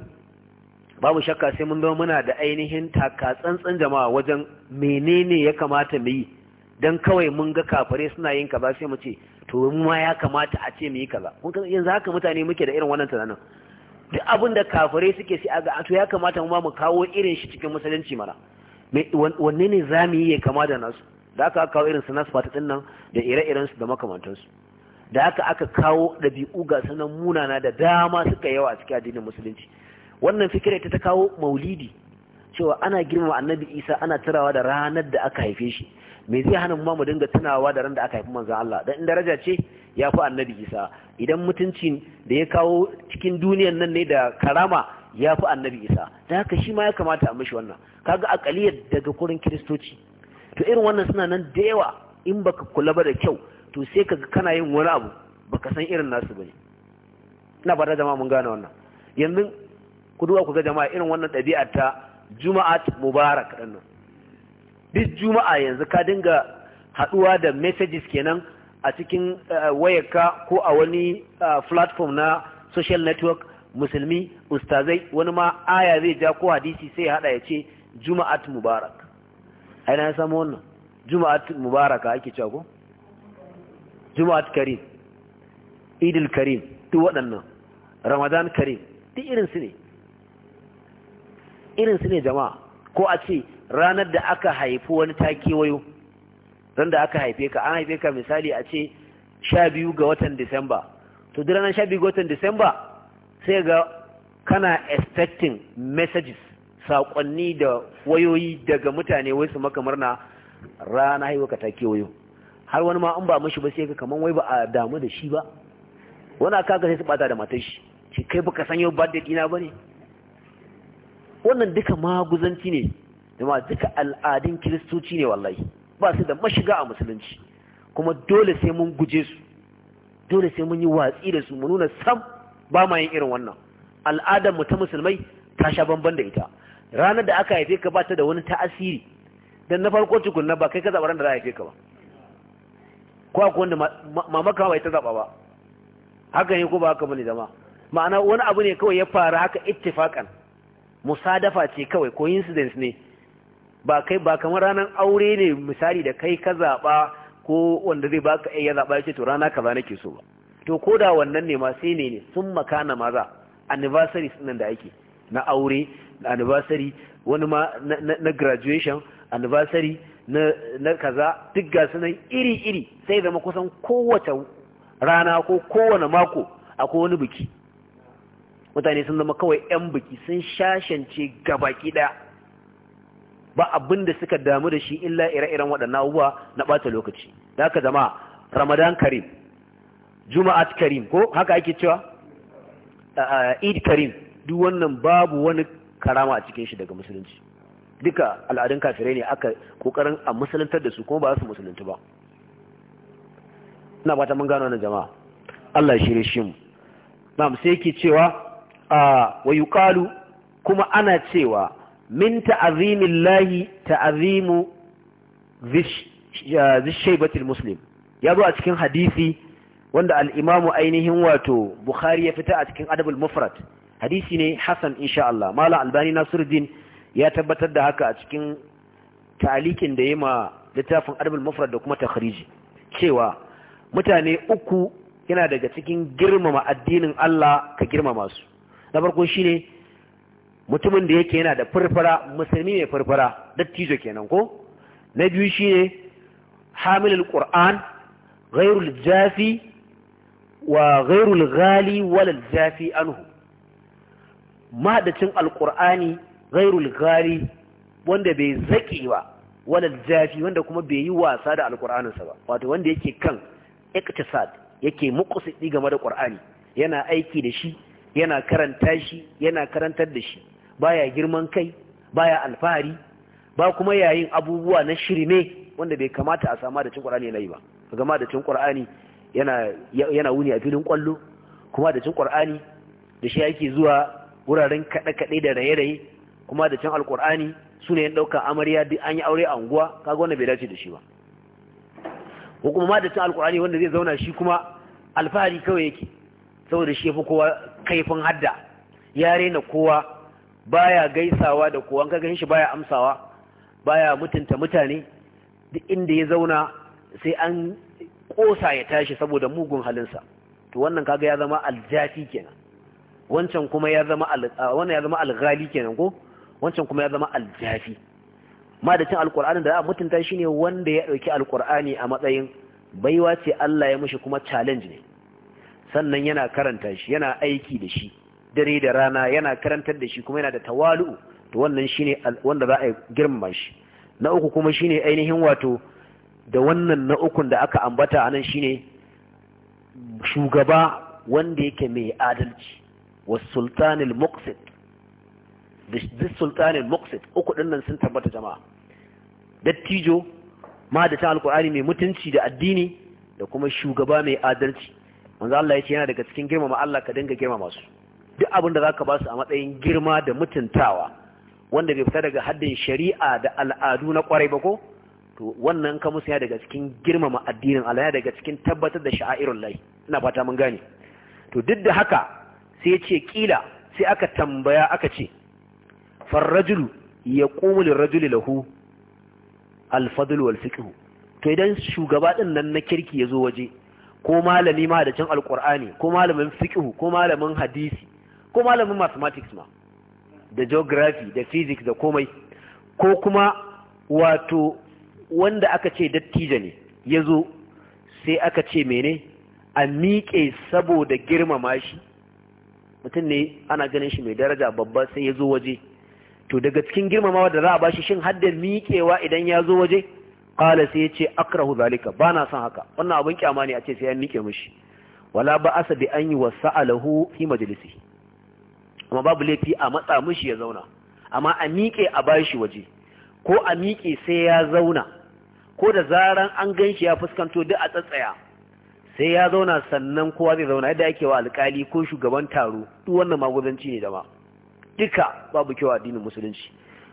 Speaker 1: babu shakka sai mun zama muna da ainihin taka tsantsan jama'a wajen menene ya kamata mu yi dan kawai mun ga kafare suna yin kaza sai mu ce to mu ma ya kamata a ce mu yi kaza mun yanzu haka mutane muke da irin wannan tunanin duk abin da kafare suke sai ga to ya kamata mu ma mu kawo irin shi cikin musulunci mana wanne ne zamu yi ya kama da nasu da aka kawo irin su nasu fata nan da ire-iren su da makamantansu da aka aka kawo ɗabi'u ga sanan munana da dama suka yawa a cikin addinin musulunci wannan fikira ta ta kawo maulidi cewa ana girmama annabi isa ana tarawa da ranar da aka haife shi me zai hana mu dinga tunawa da ran da aka haifi manzon Allah dan in daraja ce ya fi annabi Isa idan mutunci da ya kawo cikin duniyar nan ne da karama ya fi annabi Isa da haka shi ma ya kamata a mishi wannan kaga akaliyar daga kurin kiristoci to irin wannan suna nan da yawa in baka kula ba da kyau to sai kaga kana yin wani abu baka san irin nasu bane ina ba da jama'a mun gane wannan yanzu ku duba ku ga jama'a irin wannan ɗabi'a ta juma'at mubarak ɗin duk juma'a yanzu ka dinga haduwa da messages kenan a cikin eh, wayarka ko a wani eh, platform na social network musulmi ustazai wani ma aya zai ja ko hadisi sai ya hada ya ce juma'at mubarak ai ya samu wannan juma'at mubarak ake cewa ko juma'at karim idil karim duk waɗannan ramadan karim duk su ne irinsu ne jama'a ko a ce ranar da aka haifi wani ta kewayo ran da aka haife ka an haife ka misali a ce sha biyu ga watan disamba to duk ranar sha biyu ga watan disamba sai ga kana expecting messages saƙonni da wayoyi daga mutane wai su maka murna rana haihuwa ka ta wayo, har wani ma in ba mashi ba sai ka kaman wai ba a damu da shi ba wani aka sai su bata da matar shi shi kai baka san yau birthday dina bane wannan duka maguzanci ne jama duka al'adun kiristoci ne wallahi ba su da mashiga a musulunci kuma dole sai mun guje su dole sai mun yi watsi da su mu nuna sam ba ma yin irin wannan al'adar mu ta musulmai ta sha bamban da ita ranar da aka haife ka ba ta da wani ta'asiri dan na farko tukunna ba kai ka zaɓa ranar da haife ka ba ko akwai wanda mamaka bai ta zaba ba haka ne ko ba haka bane zama ma'ana wani abu ne kawai ya faru haka ittifaqan musadafa ce kawai ko incidence ne ba kai ba kamar ranar aure ne misali da kai ka zaɓa ko wanda zai baka ya zaɓa ya ce to rana kaza nake so ba to ko da wannan ne ma sai ne ne sun makana maza anniversary sunan da ake na aure anniversary wani ma na graduation anniversary na kaza duk ga sunan iri-iri sai zama kusan kowace rana ko kowane mako akwai wani biki mutane sun zama kawai 'yan biki sun shashance gabaki ɗaya ba abin da suka damu da shi illa ire-iren waɗannan abubuwa na ɓata lokaci da haka zama ramadan karim juma'a karim ko haka ake cewa eid karim duk wannan babu wani karama a cikin shi daga musulunci duka al'adun kafirai ne aka kokarin a musuluntar da su kuma ba su musulunci ba ina fata mun gano wannan jama'a Allah ya shirye shi mu na'am sai yake cewa wa yuqalu kuma ana cewa min ta'azimillahi ta'azimu zishaibatul muslim ya zo a cikin hadisi wanda al'imamu ainihin wato Bukhari ya fita a cikin adabul hadisi ne Hassan insha Allah Mala albani Nasiruddin ya tabbatar da haka a cikin talikin da ya yi ma littafin adabul mufrad da kuma takhriji cewa mutane uku yana daga cikin girmama addinin Allah ka girmama su na farko shine mutumin da yake yana da furfura musulmi mai furfura dattijo kenan ko na biyu shine hamilul qur'an ghairul jafi wa ghairul ghali wal jafi anhu mahadacin alqur'ani ghairul ghali wanda bai zaki ba wal jafi wanda kuma bai yi wasa da sa ba wato wanda yake kan iktisad yake muqsidi game da qur'ani yana aiki da shi yana karanta shi yana karantar da shi baya girman kai baya alfahari ba kuma yayin abubuwa na shirme wanda bai kamata a sama da cin qur'ani yana yi ba gama da cin qur'ani yana wuni a filin kwallo kuma da cin qur'ani da shi yake zuwa wuraren kaɗe kaɗe da raye-raye kuma da cin alqur'ani sune yan ɗaukar amarya duk an yi aure a unguwa kaga wanda bai dace da shi ba ko kuma ma da cin alqur'ani wanda zai zauna shi kuma alfahari kawai yake saboda shi ya fi kowa kaifin hadda ya raina kowa baya gaisawa da kowa ka gan shi baya amsawa baya mutunta mutane duk inda ya zauna sai an kosa ya tashi saboda mugun halinsa to wannan kaga ya zama aljafi kenan wancan kuma ya zama wannan ya zama alghali kenan ko wancan kuma ya zama aljafi ma da cin alqur'ani da za a mutunta shine wanda ya dauki alqur'ani a matsayin baiwa ce Allah ya mishi kuma challenge ne sannan yana karanta shi yana aiki da shi dare da rana yana karantar da shi kuma yana da tawalu to wannan shine wanda za a girmama shi na uku kuma shine ainihin wato da wannan na ukun da aka ambata anan shine shugaba wanda yake mai adalci was sultanil muqsit The sultanil muqsit uku dinnan sun tabbata jama'a dattijo ma da ta alkur'ani mai mutunci da addini da kuma shugaba mai adalci manzo Allah yace yana daga cikin girmama Allah ka dinga girmama su duk abin da za ka ba su a matsayin girma da mutuntawa wanda bai fita daga haddin shari'a da al'adu na kwarai ba ko to wannan ka musu daga cikin girmama addinin Allah ya daga cikin tabbatar da sha'irul lai ina fata mun gane to duk da haka sai ya ce kila sai aka tambaya aka ce farrajul yaqumu lirrajuli lahu alfadl wal fiqh to idan shugaba din nan na kirki yazo waje ko malami ma da cin alqur'ani ko malamin fiqh ko malamin hadisi ko malamin mathematics ma da geography da physics da komai ko kuma wato wanda aka ce dattijo ne ya zo sai aka ce mene a miƙe saboda girmama shi mutum ne ana ganin shi mai daraja babba sai ya zo waje to daga cikin girmamawa da za a bashi shin haddar miƙewa idan ya zo waje kala sai ya ce akrahu zalika ba na son haka wannan abin kyama ne a ce sai ya miƙe mishi wala ba asa bi an yi wa sa'alahu fi majalisi amma babu laifi a matsa mushi ya zauna amma a miƙe a bashi waje ko a miƙe sai ya zauna ko da zaran an gan shi ya fuskanto duk a tsatsaya sai ya zauna sannan kowa zai zauna yadda ake wa alƙali ko shugaban taro duk wannan magudanci ne da ma duka babu kyau addinin musulunci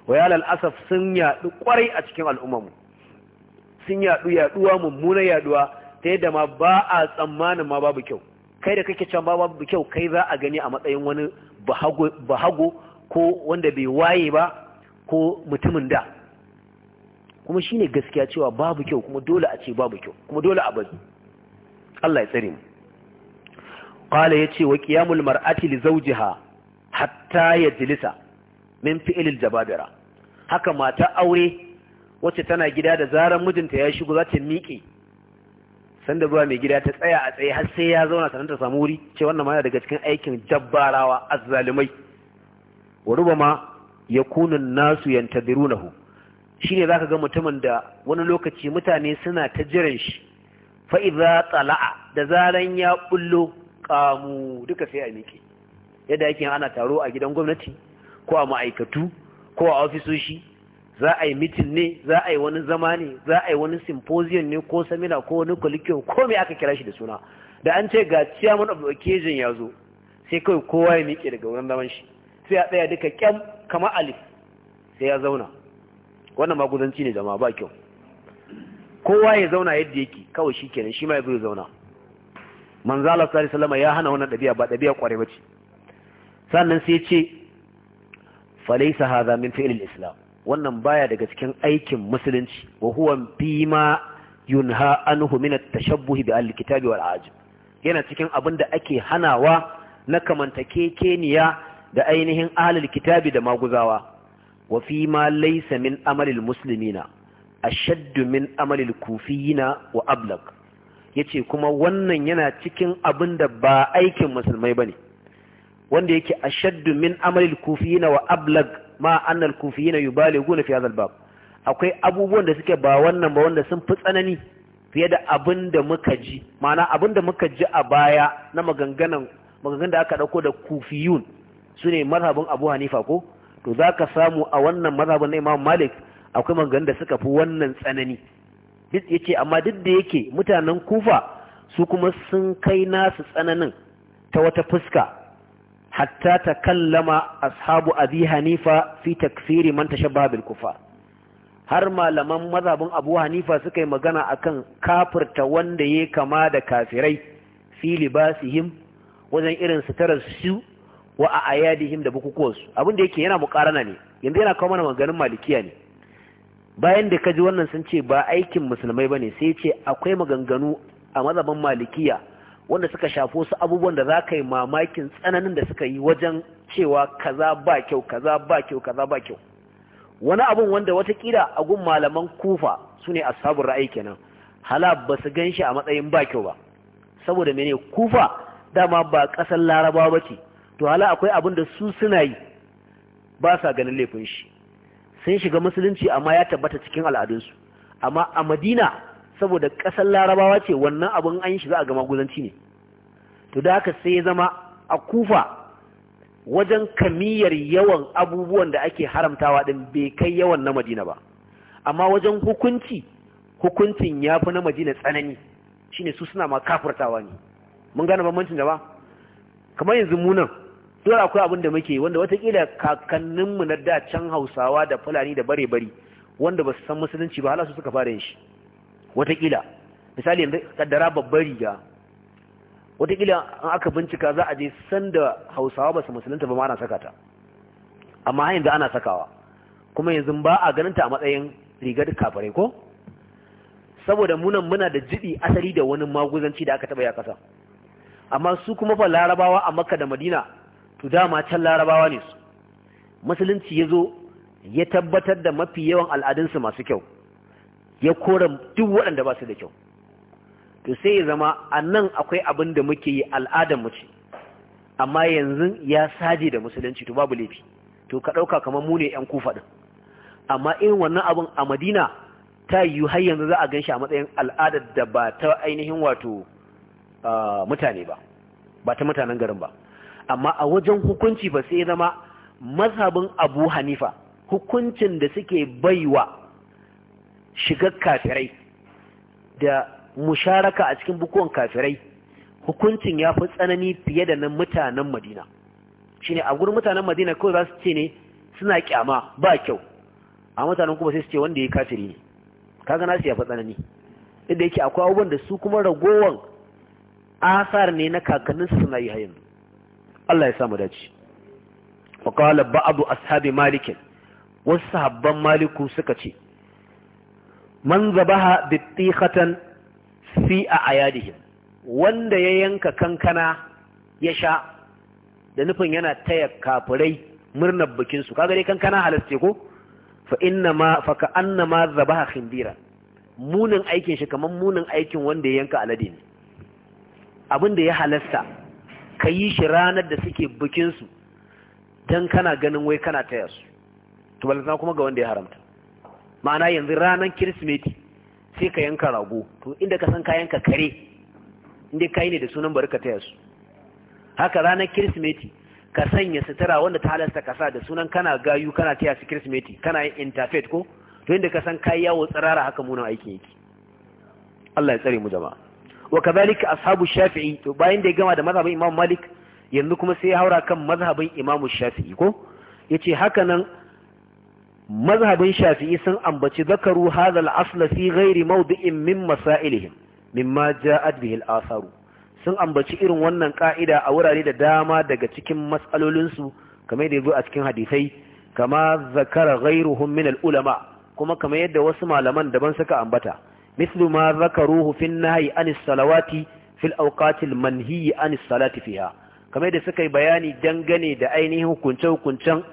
Speaker 1: wayalal asaf sun yaɗu kwarai a cikin mu sun yaɗu yaɗuwa mummunan yaɗuwa ta yadda ma ba a tsammanin ma babu kyau kai da kake can babu kyau kai za a gani a matsayin wani bahago ko wanda bai waye ba ko mutumin da kuma shine gaskiya cewa babu kyau kuma dole a ce babu kyau kuma dole a bari Allah ya tsare mu qala yace wa qiyamul mar'ati li zawjiha hatta yajlisa min fi'lil jababira haka mata aure wacce tana gida da zarar mijinta ya shigo za ta miƙe sanda ba mai gida ta tsaya a tsaye har sai ya zauna sanan ta samu wuri ce wannan ma yana daga cikin aikin jabbarawa azzalimai wa rubama yakunu nasu yantadirunahu shine zaka ga mutumin da wani lokaci mutane suna ta jiran shi fa idza tala'a da zaran ya bullo kamu duka sai a miƙe yadda yake ana taro a gidan gwamnati ko a ma'aikatu ko a ofisoshi za a yi mitin ne za a yi wani zama ne za a yi wani symposium ne ko samina ko wani kwalikiyon, ko mai aka kira shi da suna da an ce ga chairman of the occasion ya zo sai kawai kowa ya miƙe daga wurin zaman shi sai ya tsaya duka kyam kama alif sai ya zauna wannan maguzanci ne jama'a ba kyau kowa ya zauna yadda yake kawai shi kenan shi ma ya zo zauna manzo Allah sallallahu alaihi wasallam ya hana wannan dabi'a ba dabi'a kware bace sannan sai ya ce falaysa hadha min fi'l al-islam wannan baya daga cikin aikin musulunci wa huwa bima yunha anhu min at-tashabbuh bi al-kitabi wal ajib yana cikin abin da ake hanawa na kamantakekeniya da ainihin ahlul kitabi da maguzawa wa fi ma laysa min amalil muslimina ashaddu min amalil kufiyina wa ablaq yace kuma wannan yana cikin abin da ba aikin musulmai bane wanda yake ashaddu min amalil kufiyina wa ablaq ma annal kufiyina yubaliguna fi hadha albab akwai abubuwan da suke ba wannan ba wanda sun fi tsanani fiye da abin da muka ji ma'ana abin da muka ji a baya na maganganan maganganun da aka dauko da kufiyun sune mazhabin Abu Hanifa ko to zaka samu a wannan mazhabin na Imam Malik akwai maganganun da suka fi wannan tsanani duk yace amma duk da yake mutanen Kufa su kuma sun kai nasu tsananin ta wata fuska hatta takallama ashabu abi hanifa fi takfiri man tashabba bil har malaman mazhabin abu hanifa suka yi magana akan kafirta wanda ya kama da kafirai fi libasihim wajen irin suturar su wa a ayadihim da bukukuwansu abin da yake yana mukarana ne yanzu yana kawo mana maganin malikiya ne bayan da kaji wannan sun ce ba aikin musulmai bane sai ce akwai maganganu a mazhabin malikiya wanda suka shafo su abubuwan da za ka yi mamakin tsananin da suka yi wajen cewa kaza ba kyau kaza ba kyau kaza ba kyau wani abun wanda watakila a gun malaman kufa su ne ashabun ra'ayi kenan hala ba su gan shi a matsayin ba kyau ba saboda mene kufa dama ba ƙasar laraba ba ce to hala akwai abin da su suna yi ba sa ganin laifin shi sun shiga musulunci amma ya tabbata cikin al'adunsu amma a madina saboda ƙasar larabawa ce wannan abin an yi shi za a gama guzanci ne to da haka sai ya zama a kufa wajen kamiyar yawan abubuwan da ake haramtawa ɗin bai kai yawan na madina ba amma wajen hukunci hukuncin ya fi na madina tsanani shine su suna ma kafurtawa ne mun gane bambancin da ba kamar yanzu munan dole akwai abin da muke wanda watakila kakanninmu na da can hausawa da fulani da bare-bari wanda ba su san musulunci ba hala su suka fara yin shi watakila misali yanzu kaddara babbar riga watakila an aka bincika za a je sanda hausawa ba su musulunta ba ma ana saka ta amma yanzu ana sakawa kuma yanzu ba a ganin ta a matsayin rigar kafare ko saboda munan muna da jiɗi asali da wani maguzanci da aka taɓa ya ƙasa amma su kuma fa larabawa a makka da madina to dama can larabawa ne su musulunci ya zo ya tabbatar da mafi yawan al'adunsu masu kyau ya kora duk waɗanda ba su da kyau to sai ya zama a nan akwai abin da muke yi al'adar mu ce amma yanzu ya saje da musulunci to babu laifi to ka ɗauka kamar mu ne 'yan kufa ɗin amma irin wannan abin a madina ta yiwu har yanzu za a gan shi a matsayin al'adar da ba ta ainihin wato mutane ba ba ta mutanen garin ba amma a wajen hukunci ba sai zama mazhabin abu hanifa hukuncin da suke baiwa shigar kafirai da musharaka a cikin bukuwan kafirai hukuncin ya fi tsanani fiye da na mutanen madina ne a gudun mutanen madina kawai za su ce ne suna kyama ba kyau a mutanen kuma sai su ce wanda ya kafiri ne kaga nasu ya fi tsanani inda yake akwai abubuwan da su kuma ragowan asar ne na kakanninsu suna yi hayan Allah ya samu dace wa qala ba'du ashabi malik wasu sahabban maliku suka ce man zabaha bittikhatan fi a ayadihim wanda ya yanka kankana ya sha da nufin yana taya kafirai murnar bikin su kaga dai kankana halasce ko fa inna ma fa ka annama zabaha khindira munin aikin shi kaman munin aikin wanda ya yanka alade ne abin da ya halasta ka yi shi ranar da suke bikin su dan kana ganin wai kana taya su to balantana kuma ga wanda ya haramta ma'ana yanzu ranar kirsimeti sai ka yanka rago to inda ka san ka kare inda ka yi ne da sunan bari ka taya su haka ranar kirsimeti ka sanya sutura wanda ta halasta kasa da sunan kana gayu kana taya su kirsimeti kana yin interfaith ko to inda ka san kai yawo tsirara haka munan aikin yake Allah ya tsare mu jama'a wa kadhalika ashabu shafi'i to bayan da ya gama da mazhabin imam malik yanzu kuma sai ya haura kan mazhabin imam shafi'i ko yace haka nan mazhabin shafi'i sun ambaci zakaru hadal asla fi ghairi mawdi'in min masailihim mimma ja'at bihi al-atharu sun ambaci irin wannan ka'ida a wurare da dama daga cikin matsalolin su kamar da yazo a cikin hadisai kama zakara ghairuhum min al-ulama kuma kamar yadda wasu malaman daban suka ambata mislu ma zakaruhu fi nahyi anis salawati fil awqatil anis salati fiha kamar da suka yi bayani dangane da ainihin hukunce-hukuncen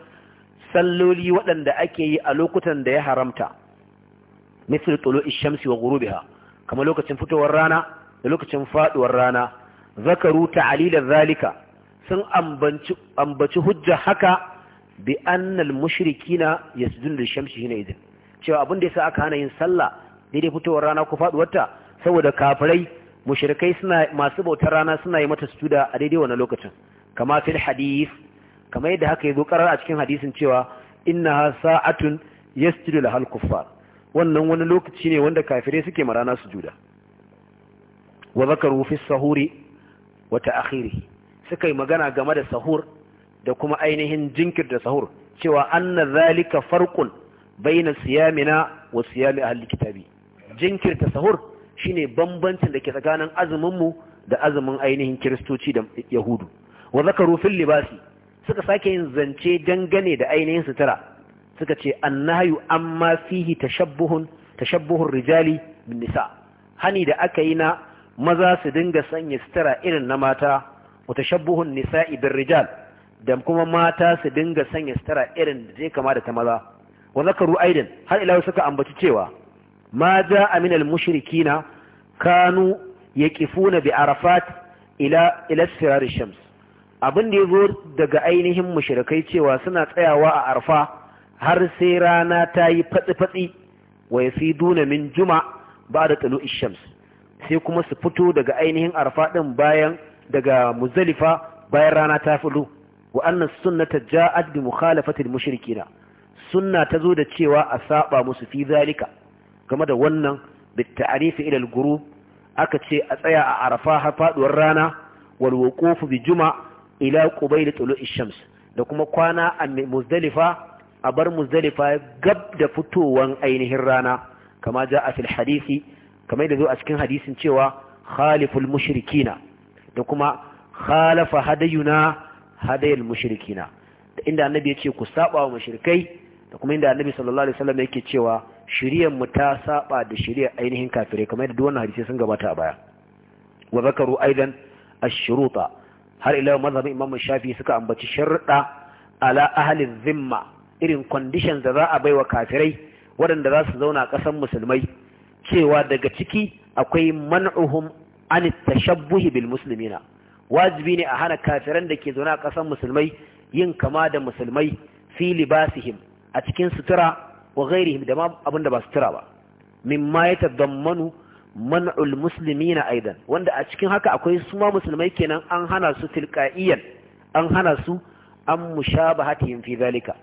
Speaker 1: salloli waɗanda ake yi a lokutan da ya haramta misal tulo ishamsi wa gurubiha kamar lokacin fitowar rana da lokacin faɗuwar rana zakaru ta'alila zalika sun ambaci hujja haka bi annal mushrikina yasjudu lishamsi na idin cewa abin da saka aka hana yin sallah daidai fitowar rana ko faduwar ta saboda kafirai mushrikai suna masu bautar rana suna yi mata sujuda a daidai wannan lokacin kama fil hadith kamar yadda haka ya zo karar a cikin hadisin cewa innaha sa'atun yasjudu lahal kuffar wannan wani lokaci ne wanda kafirai suke marana sujuda wa zakaru fi sahuri wa ta'khiri suka yi magana game da sahur da kuma ainihin jinkir da sahur cewa anna zalika farqun baina siyamina wa siyami ahli kitabi jinkirta sahur shine bambancin da ke tsakanin azumin mu da azumin ainihin kiristoci da yahudu wa zakaru fil libasi suka sake yin zance dangane da ainihin sutura suka ce annahayu amma fihi tashabbuhun tashabbuhun rijali bin nisa hani da aka yi na maza su dinga sanya sutura irin na mata wa tashabbuhun nisa bin rijal da kuma mata su dinga sanya sutura irin da zai kama da ta maza wa zakaru aidan har ila suka ambaci cewa ma ja'a min al-mushrikina kanu yaqifuna bi arafat ila ila sirar shams abin da ya zo daga ainihin mushirikai cewa suna tsayawa a arfa har sai rana ta yi fatsi-fatsi wa duna min juma ba da tulu ishams sai kuma su fito daga ainihin arfa ɗin bayan daga muzalifa bayan rana ta fulu wa ja sunnata ja'at bi mukhalafatil mushrikina sunna ta zo da cewa a saba musu fi zalika game da wannan bi ta'rifi ila aka ce a tsaya a arfa har faduwar rana wal bi juma ila da tulu'i shams da kuma kwana a muzdalifa a bar muzdalifa gab da fitowan ainihin rana kama za a fil hadisi kamar da zo a cikin hadisin cewa khaliful mushrikina da kuma khalafa hadayuna hadayal mushrikina da inda annabi ya ce ku saba wa mushrikai da kuma inda annabi sallallahu alaihi wasallam yake cewa shiriyar mu ta saba da shiriyar ainihin kafirai kamar da duk wannan hadisi sun gabata a baya wa zakaru aidan ash-shuruta har ila mazhabin Imam Shafi suka ambaci sharuɗa ala ahli zimma irin kwandishan da za a baiwa kafirai waɗanda za su zauna ƙasan musulmai cewa daga ciki akwai man'uhum an tashabbuhi bil muslimina wajibi ne a hana kafiran da ke zaune a musulmai yin kama da musulmai fi libasihim a cikin sutura wa ghairihim da ma abin da ba sutura ba mimma ya tadammanu man'ul muslimina aidan wanda a cikin haka akwai su ma musulmai kenan an hana su tilqa'iyan an hana su an mushabahatihim fi zalika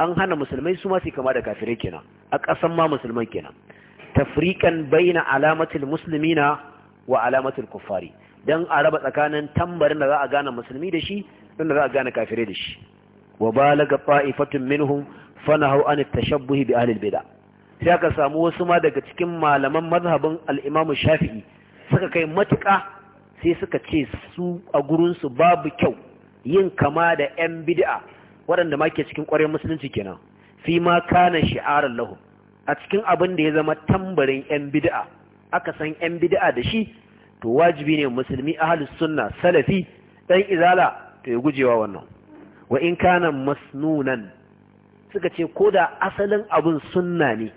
Speaker 1: an hana musulmai su ma su kama da kafirai kenan a ƙasan ma musulmai kenan tafriqan baina alamatil muslimina wa alamatil kuffari dan a raba tsakanin tambarin da za a gane musulmi da shi dan da za a gane kafirai da shi wa balaga fa'ifatun minhum fanahu an at-tashabbuh bi ahli al-bid'ah sai aka samu wasu ma daga cikin malaman mazhabin al'imamu shafi'i suka kai matuka sai suka ce su a gurinsu babu kyau yin kama da 'yan bid'a waɗanda ma ke cikin ƙwarar musulunci kenan fi ma kana shi'arar lahu a cikin abin da ya zama tambarin 'yan bid'a aka san 'yan bid'a da shi to wajibi ne musulmi ahalus sunna salafi ɗan izala to ya gujewa wannan wa in kana masnunan suka ce ko da asalin abin sunna ne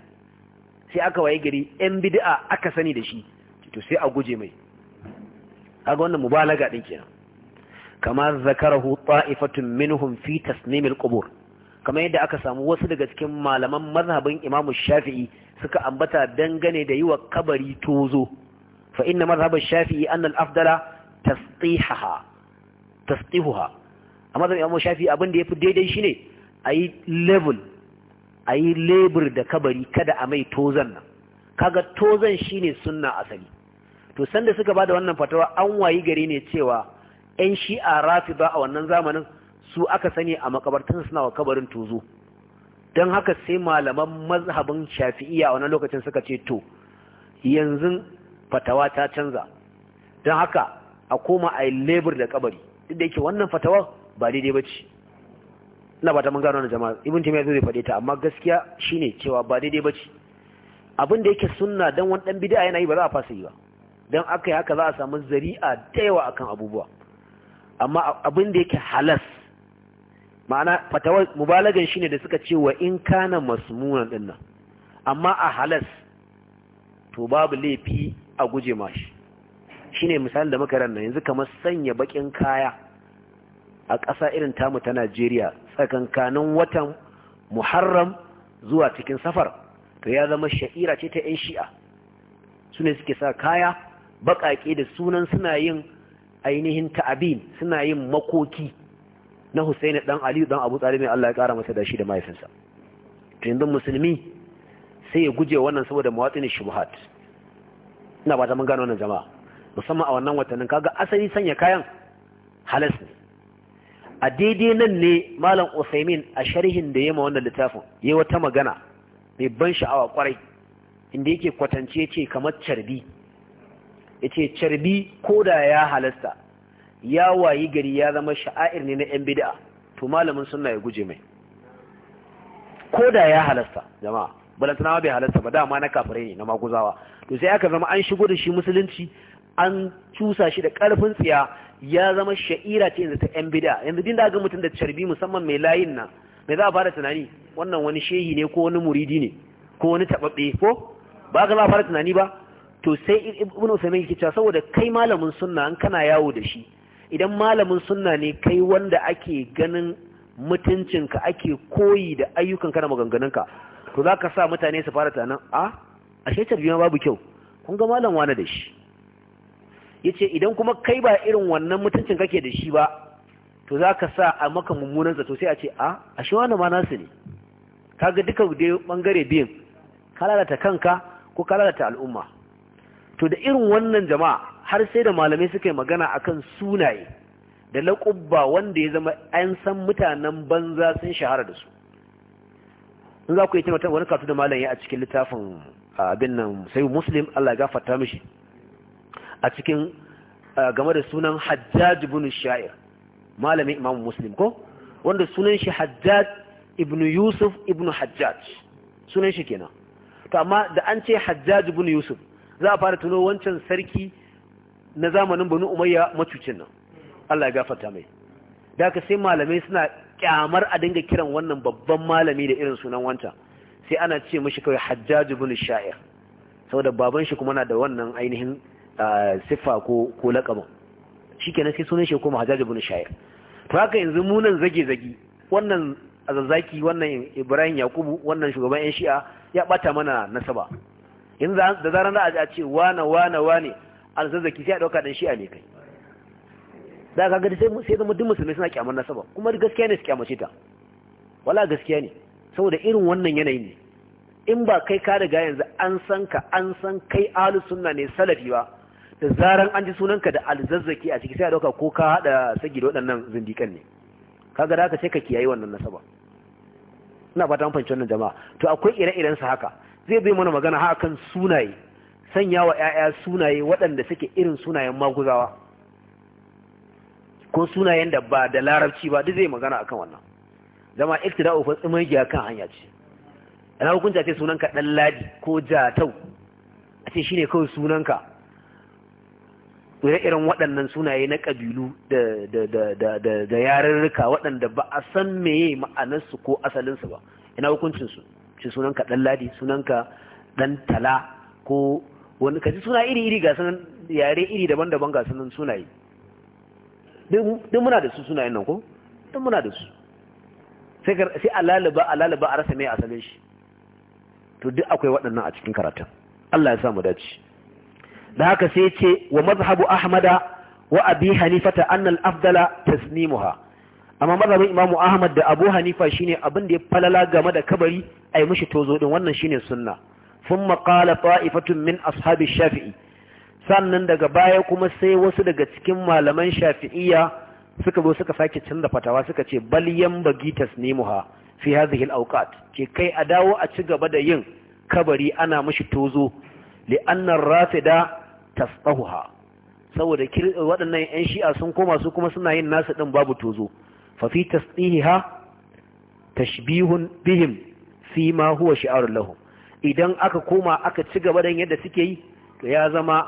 Speaker 1: sai aka waye gari yan bid'a aka sani da shi to sai a guje mai kaga wannan mubalaga din kenan Kamar zakarahu ta'ifatun minhum fi tasnimil qubur kamar yadda aka samu wasu daga cikin malaman mazhabin Imam Shafi'i suka ambata dangane da yiwa kabari tozo fa inna mazhab Shafi'i anna al-afdala tasqihaha tasqihuha amma da Imam Shafi'i abin da yafi daidai shine ayi level a yi lebur da kabari kada a mai tozan nan kaga tozan shine sunna asali to sanda suka ba da wannan fatawa an wayi gari ne cewa yan shi'a rafida a wannan zamanin su aka sani a makabartan suna wa kabarin tozo don haka sai malaman mazhabin shafi'iyya a wannan lokacin suka ce to yanzu fatawa ta canza don haka a koma a yi lebur da kabari duk da yake wannan fatawa ba daidai ba ce ina ba ta mun gano na jama'a ibn timiya zai faɗe ta amma gaskiya shine cewa ba daidai ce abin da yake sunna dan wani dan bid'a yana yi ba za a fasa yi ba dan aka yi haka za a samu zari'a da yawa akan abubuwa amma abin da yake halas ma'ana fatawa mubalagan shine da suka ce wa in kana masmunan din nan amma a halas to babu laifi a guje mashi shine misalin da muka ranna yanzu kamar sanya bakin kaya a ƙasa irin tamu ta Najeriya tsakankanin watan muharram zuwa cikin safar to ya zama sha'ira ce ta 'yan shi'a su ne suke sa kaya baƙaƙe da sunan suna yin ainihin ta'abin suna yin makoki na Husaini dan Aliyu dan Abu mai Allah ya kara masa da shi da mahaifinsa to yanzu musulmi sai ya guje wannan saboda mawatsin shubuhat ina ba ta mun gano wannan jama'a musamman a wannan watannin kaga asali sanya kayan halas a daidai nan ne malam usaimin a sharhin da ma wannan littafin yayi wata magana mai ban sha'awa kwarai inda yake kwatance ce kamar carbi yace carbi koda ya halasta ya wayi gari ya zama sha'air ne na yan bid'a to malamin sunna ya guje mai koda ya halasta jama'a balantana bai halasta ba dama na kafirai ne na maguzawa to sai aka zama an shigo da shi musulunci an cusa shi da karfin tsiya ya zama sha'ira ce yanzu ta yan bida yanzu din da ga mutum da carbi musamman mai layin nan mai za a fara tunani wannan wani shehi ne ko wani muridi ne ko wani tababbe ko ba ga za a fara tunani ba to sai ibn usaimin ke cewa saboda kai malamin sunna an kana yawo da shi idan malamin sunna ne kai wanda ake ganin mutuncinka ake koyi da ayyukan ka da maganganunka to za ka sa mutane su fara tunanin a ah, ashe carbi ma babu kyau kun ga malam wani da shi yace idan kuma kai ba irin wannan mutuncin kake da shi ba to zaka sa a maka mummunan zato sai a ce a ah, ashe wannan ma nasu ne kaga duka da bangare biyan ka lalata kanka ko ka lalata al'umma to da irin wannan jama'a har sai da malamai suka yi magana akan sunaye da laƙubba wanda ya zama an san mutanen banza sun shahara da su in za ku yi wani katu da malam ya a cikin littafin abin nan sai muslim Allah ya gafarta mishi a cikin game da sunan hajjaj ibn sha'ir malamin imam muslim ko wanda sunan shi hajjaj ibn yusuf ibn hajjaj sunan shi kenan to amma da an ce hajjaj ibn yusuf za a fara tuno wancan sarki na zamanin banu umayya macucin nan Allah ya gafarta mai da ka sai malamai suna kyamar a dinga kiran wannan babban malami da irin sunan wancan sai ana ce mishi kawai hajjaj ibn sha'ir saboda baban shi kuma na da wannan ainihin siffa ko ko laqabin shikenan sai sunan shi kuma Hajjaj ibn Shair to haka yanzu mu nan zage zage wannan azazzaki wannan Ibrahim Yakubu wannan shugaban yan Shi'a ya bata mana nasaba yanzu da zaran da a ce wana wana wane azazzaki sai a dauka dan Shi'a ne kai da kaga sai sai zama duk musulmi suna kyamar nasaba kuma gaskiya ne su kyamace ta wala gaskiya ne saboda irin wannan yanayi ne in ba kai ka daga yanzu an san ka an san kai alu sunna ne salafi ba da zaran an ji sunanka da alzazzaki a ciki sai a dauka ko ka hada sagi da waɗannan zindikan ne kaga da aka sai ka kiyaye wannan nasaba ina fata an fahimci wannan jama'a to akwai ire-iren sa haka zai bai mana magana ha kan sunaye sanya wa ƴaƴa sunaye waɗanda suke irin sunayen maguzawa ko sunayen da ba da larabci ba duk zai magana akan wannan zama iktida'u fa tsumagiya kan hanya ce ana hukunta ce sunanka dan ladi ko jatau a ce shine kawai sunanka ire-iren waɗannan sunaye na ƙabilu da yarurruka waɗanda ba a san meye ma'anarsu ko asalinsu ba ina hukuncinsu shi sunanka ɗan ladi sunanka ɗan tala ko wani kaji suna iri-iri ga sunan yare iri daban-daban ga sunan sunaye duk muna da su sunayen nan ko duk muna da su sai a lalaba a lalaba a rasa mai asalin shi to duk akwai waɗannan a cikin karatun Allah ya sa mu dace da haka sai ce wa mazhabu ahmada wa abi hanifata annal afdala tasnimuha amma mazhabin imamu ahmad da abu hanifa shine abin da ya falala game da kabari ai mushi tozo din wannan shine sunna thumma qala ta'ifatun min ashabi shafi'i sannan daga baya kuma sai wasu daga cikin malaman shafi'iyya suka zo suka sake canza fatawa suka ce bal yambagi tasnimuha fi hadhihi al-awqat ke kai a dawo a ci gaba da yin kabari ana mushi tozo li'annar rafida tasdahuha saboda waɗannan yan shi'a sun koma su kuma suna yin nasu ɗin babu tozo fa fi tasdihiha tashbihun bihim fi ma huwa shi'arul lahum idan aka koma aka ci gaba da yadda suke yi to ya zama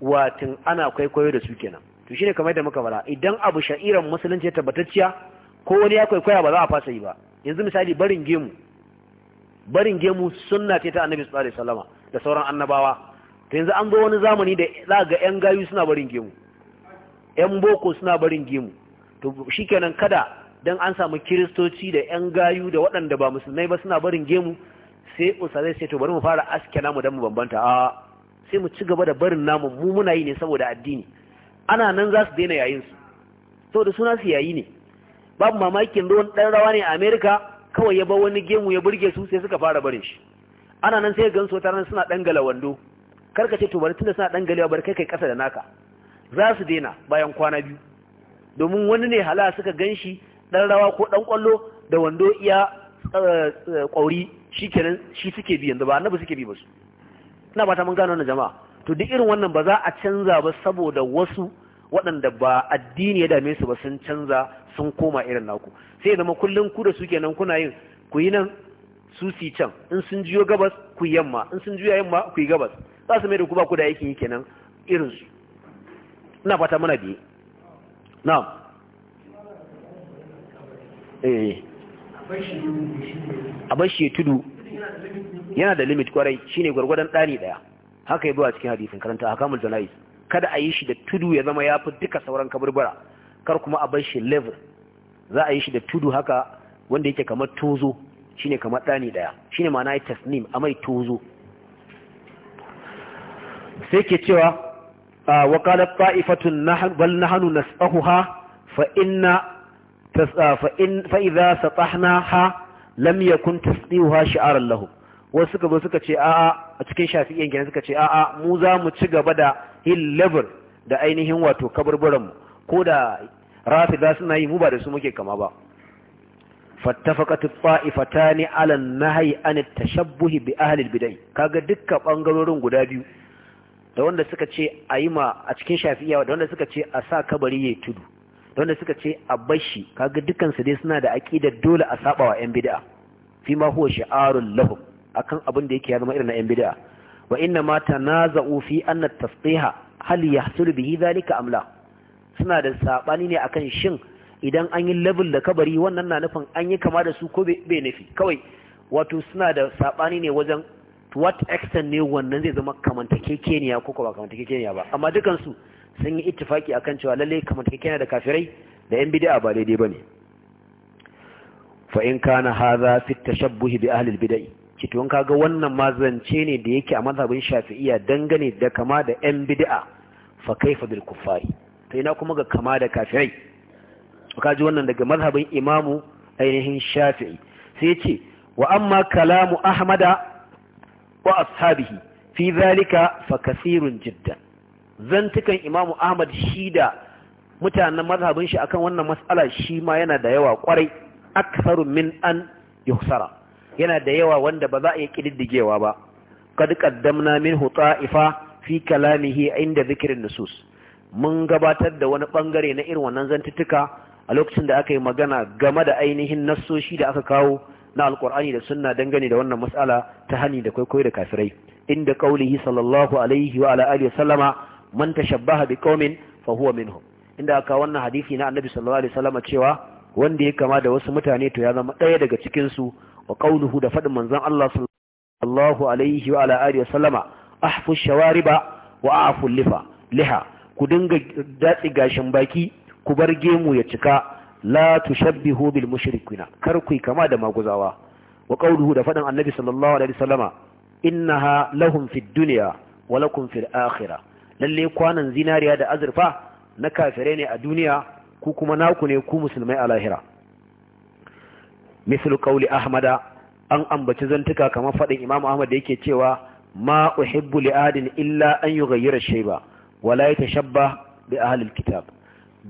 Speaker 1: watin ana kwaikwayo da su kenan to shine kamar da muka fara idan abu sha'iran musulunci tabbatacciya ko wani ya kwaikwaya ba za a fasa yi ba yanzu misali barin gemu barin gemu sunna ce ta annabi sallallahu alaihi wasallama da sauran annabawa ta yanzu an zo wani zamani da za ga 'yan gayu suna barin gemu 'yan boko suna barin gemu to kenan kada don an samu kiristoci da 'yan gayu da waɗanda ba musulmai ba suna barin gemu sai usalai sai to bari mu fara aske namu don mu bambanta a sai mu ci gaba da barin namu mu muna yi ne saboda addini ana nan za su daina yayinsu, su saboda suna su yayi ne babu mamakin ruwan ɗan rawa ne a amerika kawai ya bar wani gemu ya burge su sai suka fara barin shi ana nan sai gan su wata suna ɗan gala wando karka ce to bari tunda suna dan galewa bari kai kai kasa da naka za su daina bayan kwana biyu domin wani ne hala suka ganshi dan rawa ko dan kwallo da wando iya kwauri eh, eh, shikenan shi suke bi yanzu ba annabi suke bi ba su ina ba mun gano wannan jama'a to duk irin wannan ba za a canza ba saboda wasu waɗanda ba addini ya dame su ba sun canza sun koma irin naku sai zama kullum ku da su kenan kuna yin ku yi nan su si can in sun jiyo gabas ku yamma in sun juya yamma ku yi gabas za su mai da ku ba ku da aikin yi kenan irinsu ina fata mana biye na eh. a bar shi tudu yana da limit kwarai shi ne gwargwadon ɗani ɗaya haka yi a cikin hadisun karanta hakamul Janayis, kada a yi shi da tudu ya zama ya fi duka sauran kaburbura kar kuma a bar shi level za a yi shi da tudu haka wanda yake kamar tozo shi ne kamar ɗani ɗaya Shi na ma'ana tasnim a mai tozo sai ke cewa ah, wa kala ta'ifatun bal nahnu nas'ahuha fa inna ah, fa in fa idza satahnaha lam yakun tasdiha shi'aran lahu wasu suka suka ce a'a a cikin shafi'in gidan suka ce a'a mu za mu ci gaba da yin labur da ainihin wato kaburburan mu ko da rafida suna yi mu ba da su muke kama ba fattafaqatu ta'ifatani ala an-nahyi an at-tashabbuh bi ahli al ka kaga dukkan bangarorin guda biyu da wanda suka ce a yi ma a cikin shafiya da wanda suka ce a sa kabari ya tudu da wanda suka ce a bashi kaga dukansu dai suna da aƙidar dole a saba wa 'yan bid'a fi ma huwa shi'arun lahum akan abin da yake ya zama irin na 'yan bid'a wa inna ma tanaza'u fi anna tasqiha hal yahsul bihi dhalika am la suna da sabani ne akan shin idan an yi level da kabari wannan na nufin an yi kama da su ko bai nufi kawai wato suna da sabani ne wajen to what extent ne wannan zai zama kamantakekeniya ko ba kamantakekeniya ba amma dukansu sun yi ittifaki akan cewa lalle kamantakekeniya da kafirai da yan bid'a ba daidai bane fa in kana hadha fi tashabbuh bi ahli al-bid'ah ki to kaga wannan ma ne da yake a mazhabin shafi'iyya dangane da kama da yan bid'a fa kaifa bil kuffari to ina kuma ga kama da kafirai kaji wannan daga mazhabin imamu ainihin shafi'i sai ya ce wa amma kalamu ahmada wa ashabihi fi zalika fa kasirun jiddan zantukan imamu ahmad shi da mutanen mazhabin shi akan wannan matsala shi ma yana da yawa kwarai aktharu min an yuhsara yana da yawa wanda ba za a yi ƙididdigewa ba qad qaddamna minhu ta'ifa fi kalamihi inda zikirin nusus mun gabatar da wani ɓangare na irin wannan zantuttuka a lokacin da aka yi magana game da ainihin nassoshi da aka kawo na alkur'ani da sunna dangane da wannan mas'ala ta hani da kwaikwayo da kafirai inda qaulihi sallallahu alaihi wa ala alihi sallama man tashabbaha bi qaumin fa huwa minhum inda aka wannan hadisi na annabi sallallahu alaihi wasallama cewa wanda ya kama da wasu mutane to ya zama ɗaya daga cikin su wa qauluhu da fadin manzon Allah sallallahu alaihi wa ala alihi sallama ahfu shawariba wa afu lifa liha ku dinga datsi gashin baki ku bar gemu ya cika la tushabbihu bil mushrikina kar ku kama da maguzawa wa qawluhu da fadan annabi sallallahu alaihi wasallama innaha lahum fid dunya wa lakum fil akhirah lalle kwanan zinariya da azurfa na kafirai ne a duniya ku kuma naku ne ku musulmai a lahira misal qawli ahmada an ambaci zantuka kamar faɗin imam ahmad da yake cewa ma uhibbu li adin illa an yughayyira shayba walai la yatashabba bi ahli al kitab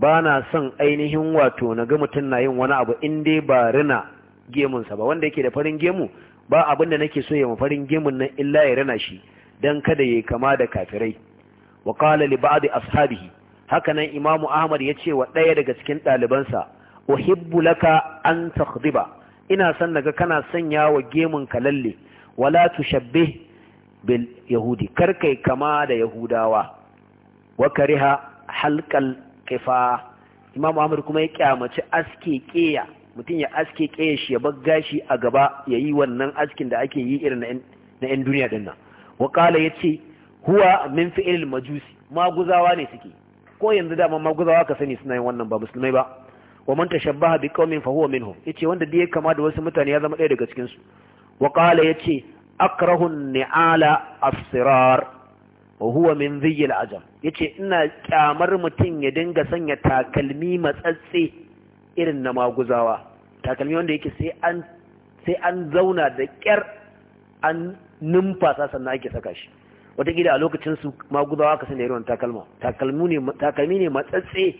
Speaker 1: ba na son ainihin wato na ga mutum na yin wani abu in dai ba rina gemunsa ba wanda yake da farin gemu ba abin da nake so ya farin gemun nan illa ya rina shi don kada ya kama da kafirai wa qala li ba'd ashabihi haka nan imamu ahmad ya ce wa ɗaya daga cikin ɗalibansa uhibbu laka an takhdiba ina son naga kana sanya wa gemun ka lalle wala tushabbih bil yahudi kar kai kama da yahudawa wa kariha halqal kifa imamu amur kuma ya kyamaci aske keya mutum ya aske keya shi ya bar gashi a gaba ya yi wannan askin da ake yi irin na yan duniya din nan wakala ya ce huwa min fi'il majusi maguzawa ne suke ko yanzu dama maguzawa ka sani suna yin wannan ba musulmai ba wa man tashabbaha bi qaumin fa huwa minhum yace wanda da ya kama da wasu mutane ya zama ɗaya daga cikin su wa ce yace akrahu ni'ala asirar. wa huwa min ziyil ajam yace ina kyamar mutum ya dinga sanya takalmi matsatse irin na maguzawa takalmi wanda yake sai an sai an zauna da kyar an numfasa sannan ake saka shi wataƙila a lokacin su maguzawa ka sanya irin takalma takalmi ne takalmi ne matsatse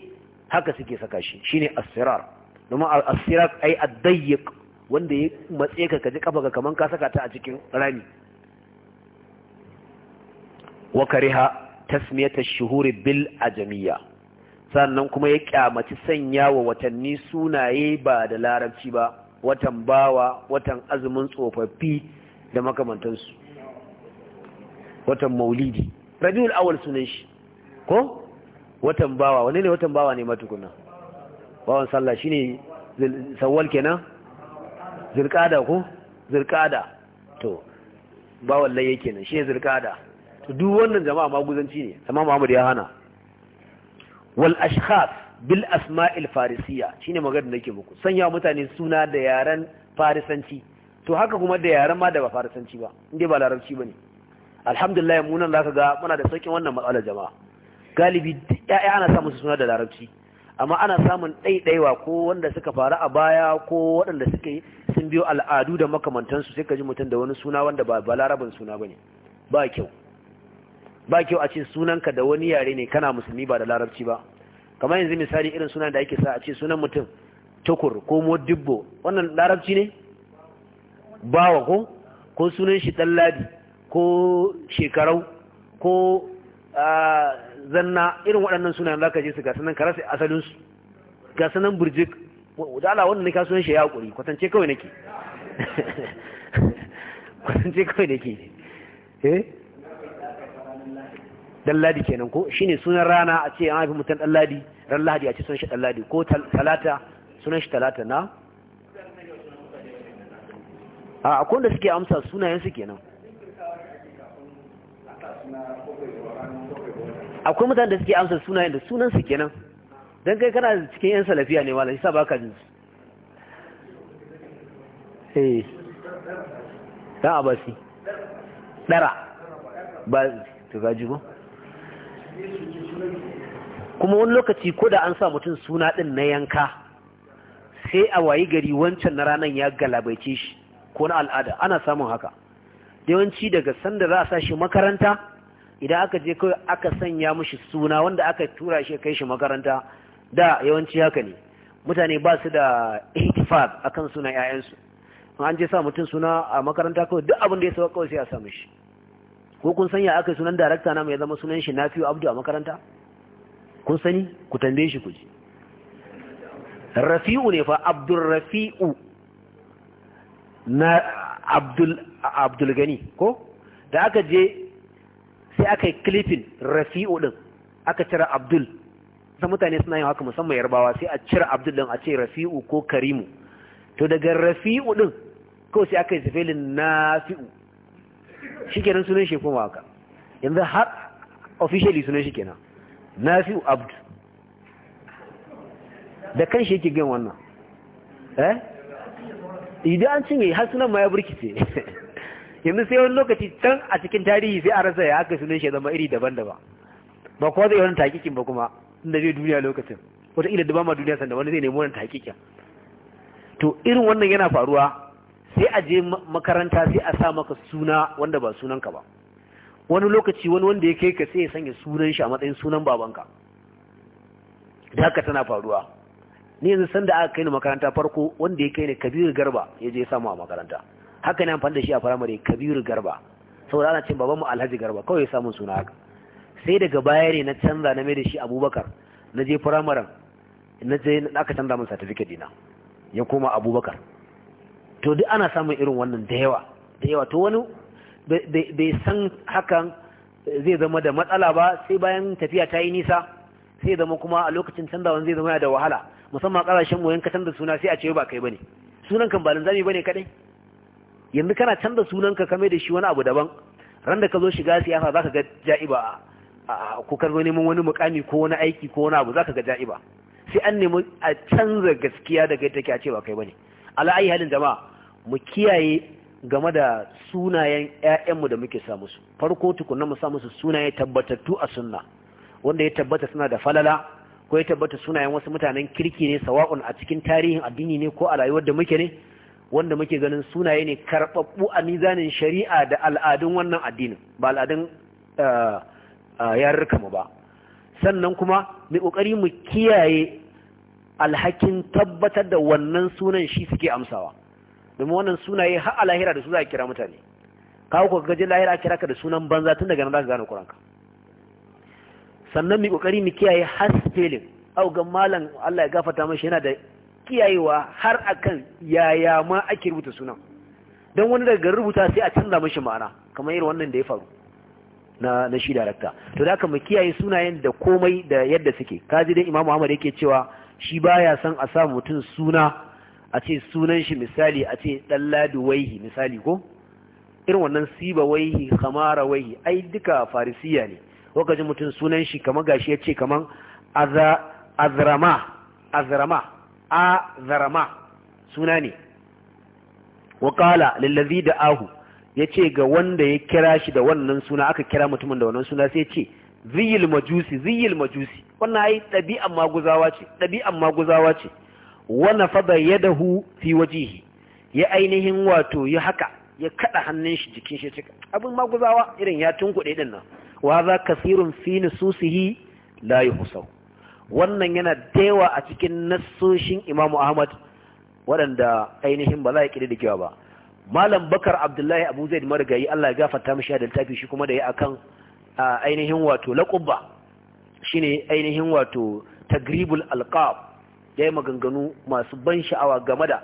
Speaker 1: haka suke saka shi shine as-sirar domin as-sirar ai ad-dayyiq wanda ya matse ka kaji kafa ka kaman ka saka ta a cikin rami wa kariha tasmiyata shuhuri bil ajamiya sannan kuma ya kyamaci sanya wa watanni sunaye ba da larabci ba watan bawa watan azumin tsofaffi da makamantansu watan maulidi rabiul awal sunan shi ko watan bawa wani ne watan bawa ne matukuna bawan sallah shine sawwal kenan zirkada ko zirkada to bawan lai yake nan ne zirkada to duk wannan jama'a maguzanci ne amma Muhammad ya hana wal ashkhas bil asma'il farisiyya shine magana nake muku sanya mutane suna da yaran farisanci to haka kuma da yaran ma da ba farisanci ba inda ba larabci bane alhamdulillah mu nan zaka ga muna da sauƙin wannan matsalar jama'a galibi ya'ya ana samun suna da larabci amma ana samun ɗaiɗaiwa ko wanda suka faru a baya ko waɗanda suka yi sun biyo al'adu da makamantansu sai ka ji mutum da wani suna wanda ba larabin suna bane ba kyau ba kyau a ce sunanka da wani yare ne kana musulmi ba da larabci ba kamar yanzu misali irin sunan da ake sa a ce sunan mutum tukur ko modibbo wannan larabci ne bawa ko ko sunan shi ɗanladi ko shekarau ko zanna irin waɗannan sunan za ka je su ga sunan karasa asalinsu ga sunan burjik da ala wannan ka sunan shi ya haƙuri kwatance kawai nake <laughs> kwatance kawai nake eh dalladi kenan ko shine sunan rana a ce an haifi mutum dalladi ladi ran lahadi a ce sunan shi dalladi ladi ko talata sunan shi talata na a akwai da suke amsa sunayen su kenan akwai mutane da suke amsa sunayen da sunan su kenan dan kai kana cikin yan salafiya ne malam yasa baka jin su eh dan abasi dara ba to gaji ba kuma wani lokaci ko da an sa mutum suna ɗin na yanka sai a wayi gari wancan na ranar ya galabaice shi ko na al'ada ana samun haka yawanci daga sanda za a sa shi makaranta idan aka je kawai aka sanya mushi suna wanda aka tura shi kai shi makaranta da yawanci haka ne mutane ba su da a akan suna 'ya'yansu an je sa mutum suna a makaranta kawai duk abin da ya sauka kawai sai a sa mishi ko kun sanya aka sunan darakta na mai zama sunan shi nafi'u abdu a makaranta kun sani ku tambaye shi ku ji rafi'u ne fa abdul rafi'u na abdul abdul gani ko da aka je sai aka yi clipping rafi'u din aka cire abdul sai mutane suna yin haka musamman yarbawa sai a cire abdul din a ce rafi'u ko karimu to daga rafi'u din kawai sai aka yi sifelin nafi'u shikenan sunan shi kuma haka yanzu har officially sunan shi kenan nafi'u abdu da kan shi yake gan wannan eh idan an cinye har sunan ma ya burkice <laughs> yanzu sai wani lokaci can a cikin tarihi sai a rasa ya aka sunan shi zama iri daban-daban ba kowa zai wani takikin ba kuma inda zai duniya lokacin wata ila da ba ma duniya sanda wani zai nemi wani takikin to irin wannan yana faruwa sai a je makaranta sai a sa maka suna wanda ba sunanka ba wani lokaci wani wanda ya kai ka sai ya sanya sunan shi a matsayin sunan babanka da haka tana faruwa ni yanzu sanda aka kai ni makaranta farko wanda ya kai ni kabiru garba ya je ya samu a makaranta haka ne amfani da shi a firamare kabiru garba saboda ana cin babanmu alhaji garba kawai ya samu suna haka sai daga baya ne na canza na mai da shi abubakar na je firamaren na je aka canza min certificate dina ya koma abubakar to duk ana samun irin wannan da yawa da yawa to wani bai san hakan zai zama da matsala ba sai bayan tafiya ta yi nisa sai zama kuma a lokacin canzawa zai zama da wahala musamman ƙasashen mu yanka canza suna sai a ce ba kai bane sunan kan balin zami bane kadai yanzu kana canza sunan ka kame da shi wani abu daban ran da ka zo shiga siyasa zaka ga ja'iba ko ka zo neman wani mukami ko wani aiki ko wani abu zaka ga ja'iba sai an nemi a canza gaskiya daga take a ce ba kai bane ala ayi halin jama'a mu kiyaye game da sunayen ƴaƴanmu da muke samu su, farko tukunna mu samu su, sunaye tabbatattu a sunna wanda ya tabbata suna da falala ko ya tabbata sunayen wasu mutanen kirki ne sawa'un a cikin tarihin addini ne ko a rayuwar da muke ne wanda muke ganin sunaye ne karɓaɓɓu a mizanin shari'a da al'adun wannan addinin ba al'adun eh, eh, yarurka mu ba sannan kuma mai ƙoƙari mu kiyaye alhakin tabbatar da wannan sunan shi suke amsawa domin wannan sunaye har a lahira da su za a kira mutane kawo ku gaji lahira a kira ka da sunan banza tun daga nan za ka gane kuranka sannan mu kokari mu kiyaye har spelling au ga malam Allah ya gafarta mashi yana da kiyayewa har akan yaya ma ake rubuta sunan don wani daga rubuta sai a canza mashi ma'ana kamar irin wannan da ya faru na na shi darakta to da haka mu kiyaye sunayen da komai da yadda suke kaji dai imamu Ahmad yake cewa shi baya san a sa mutum suna a ce sunan shi misali a ce ɗalladu waihi misali ko irin wannan siba waihi kamara waihi ai duka farisiya ne lokacin mutum sunan shi kama gashi ya ce kaman azrama azrama azrama suna ne Wakala, lallazi da ahu ya ce ga wanda ya kira shi da wannan suna aka kira mutumin da wannan suna sai ce ziyil majusi ziyil majusi wannan ai ɗabi'an maguzawa ce ɗabi'an maguzawa ce wana fada yadahu fi wajihi ya ainihin wato ya haka ya kada hannun shi jikin shi cika abin maguzawa irin ya tunkuɗe ɗin nan wa za kasirun fi nususihi la husau wannan yana dewa a cikin nasoshin Imam Ahmad waɗanda ainihin ba za ya ƙiɗi da ba Malam Bakar Abdullahi Abu Zaid Marigayi Allah ya gafarta mashi da littafi shi kuma da ya akan ainihin wato shi shine ainihin wato tagribul alƙab ya yi maganganu masu ban sha'awa game da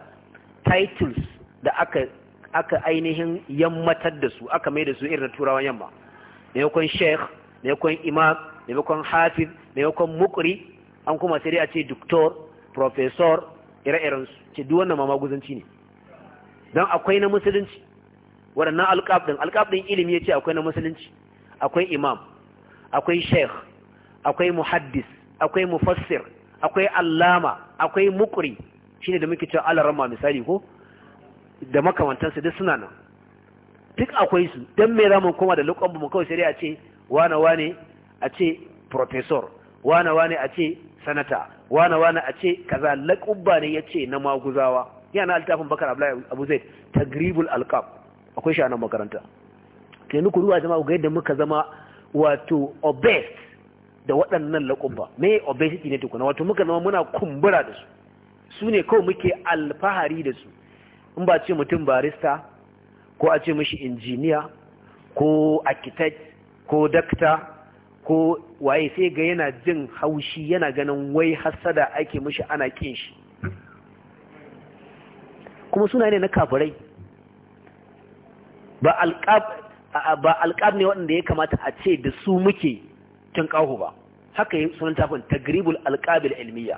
Speaker 1: titles da aka aka ainihin yammatar da su aka mai da su irin turawan yamma maimakon sheikh maimakon imam maimakon hafiz maimakon mukri an kuma sai dai a ce doktor professor ire-iren su ce duk wannan mamaguzanci ne don akwai na musulunci waɗannan alƙabɗin alƙabɗin ilimi ya ce akwai na musulunci akwai imam akwai sheikh akwai muhaddis akwai mufassir akwai alama akwai mukri shine da muke cewa ramma misali ko da makamantansu duk suna nan duk akwai su dan me za mu koma da lokacin mu kawai sai dai a ce wane wane a ce professor wane wane a ce sanata wane wane a ce kaza laqabba ne yace na maguzawa yana altafin bakar abdullahi abu zaid tagribul alqab akwai shi a nan makaranta ke nuku ruwa jama'a ga yadda muka zama wato obese da waɗannan laƙubba me obesity ne tukuna wato muka zama muna kumbura da su su ne kawai muke alfahari da su in ba ce mutum barista ko a ce mashi injiniya ko architect ko dakta ko waye sai ga yana jin haushi yana ganin wai hassada ake mashi ana kin shi kuma suna ne na kafirai ba alƙab ne waɗanda ya kamata a ce da su muke kaho ba haka yi sunan tafin tagribul alqabil ilmiya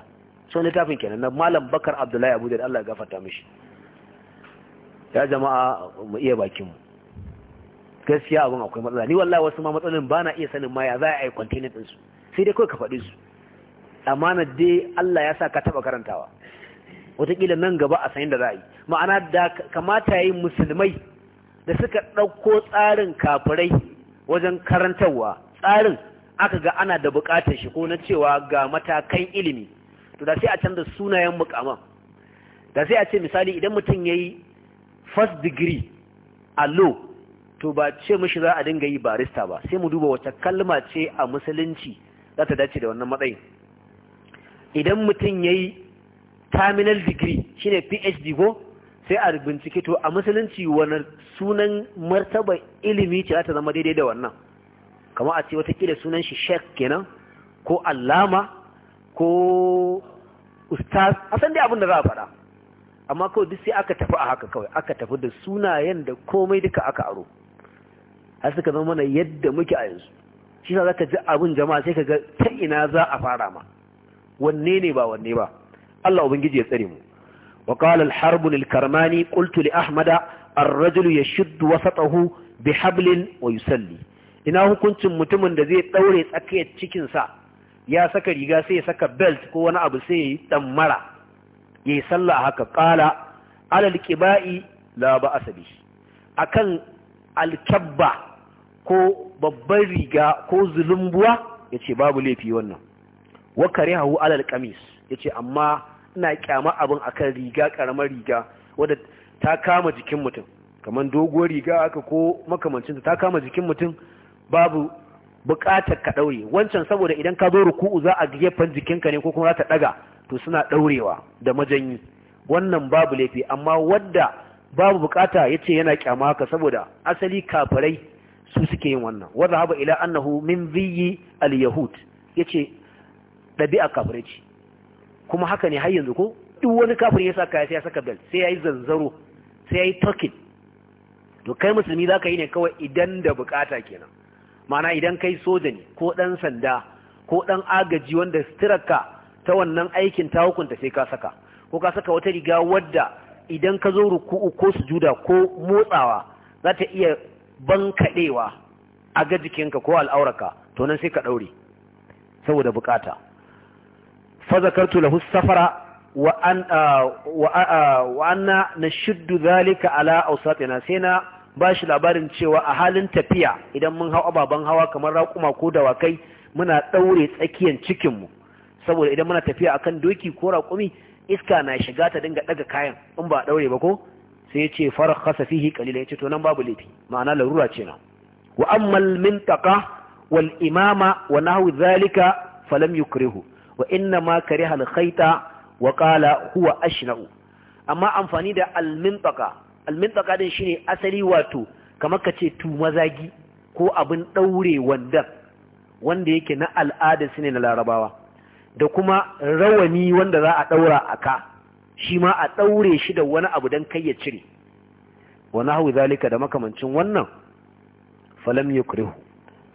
Speaker 1: sunan tafin kenan na malam bakar abdullahi abu da Allah ya gafarta mishi ya jama'a mu iya bakin mu gaskiya abin akwai matsala ni wallahi wasu ma matsalolin ba na iya sanin ma za a yi container din su sai dai kawai ka faɗi su amana dai Allah ya sa ka taba karantawa wataƙila nan gaba a sayin da za a yi ma'ana da kamata yi musulmai da suka ɗauko tsarin kafirai wajen karantarwa tsarin aka ga ana da bukatar shi ko na cewa ga matakan ilimi to da sai a canza sunayen mukaman da sai a ce misali idan mutum ya yi first degree a law to ba ce mashi za a dinga yi barista ba sai mu duba wata kalma ce a musulunci za ta dace da wannan matsayin idan mutum ya yi terminal degree shine phd ko sai a bincike to a musulunci wani sunan martaba ilimi ce za ta zama daidai da wannan kama a ce watakila sunan shi shek kenan ko allama ko ustaz a san dai abin da za a faɗa amma kawai duk sai aka tafi a haka kawai aka tafi da sunayen da komai duka aka aro har suka zama mana yadda muke a yanzu shi za ka ji abin jama'a sai ka ga ta ina za a fara ma wanne ne ba wanne ba Allah ubangiji ya tsare mu wa qala al-harb lil-karmani qultu li ahmada ar rajul yashuddu wasatahu bihablin wa yusalli ina hukuncin mutumin da zai ɗaure tsakiyar cikinsa ya saka riga sai ya saka belt ko wani abu sai ya yi ɗammara ya yi sallah haka ƙala alal ƙiba'i la ba asabi akan alkyabba ko babban riga ko zulumbuwa ya ce babu laifi wannan wa kare hau alal kamis ya ce amma ina kyama abin a kan riga ƙaramar riga wadda ta kama jikin mutum kamar doguwar riga aka ko makamancinta ta kama jikin mutum babu buƙatar ka ɗaure wancan saboda idan ka zo ruku'u za a gefen jikinka ne ko kuma za ta ɗaga to suna ɗaurewa da majanyi wannan babu laifi amma wadda babu buƙata ya ce yana kyama haka saboda asali kafirai su suke yin wannan wadda haba ila annahu min ziyi al-yahud ya ce ɗabi'a kafirai ce kuma haka ne har yanzu ko duk wani kafir ya sa kaya sai ya saka bel sai ya yi zanzaro sai ya yi tokin to kai musulmi za ka yi ne kawai idan da bukata kenan Ma'ana idan kai soja ne ko ɗan sanda ko ɗan agaji wanda sitirarka ta wannan aikin ta hukunta sai ka saka ko ka saka wata riga wadda idan ka zo ruku'u ko sujuda ko motsawa za ta iya bankaɗewa a ga ko al'auraka to nan sai ka ɗaure saboda bukata fazakartu lahu safara wa ah, ah, anna na shuddu zalika ala ausatina sai na ba shi labarin cewa a halin tafiya idan mun hau ababen hawa kamar raƙuma ko dawakai muna ɗaure tsakiyar cikinmu saboda idan muna tafiya akan doki ko raƙumi iska na shiga ta dinga ɗaga kayan in ba a ɗaure ba ko sai ya ce farar kasa fihi kalila ya ce to nan babu laifi ma'ana larura ce na wa ammal mintaka wal imama wa nahwu zalika falam yukrihu wa inna ma kariha al khaita wa qala huwa ashna'u amma amfani da al mintaka al-mintaka din shine asali wato kamar ka ce tu mazagi ko abin daure wanda wanda yake na al'ada su ne na larabawa da kuma rawani wanda za a daura a ka shi ma a daure shi da wani abu don kai ya cire wani hau zalika da makamancin wannan falam yukrihu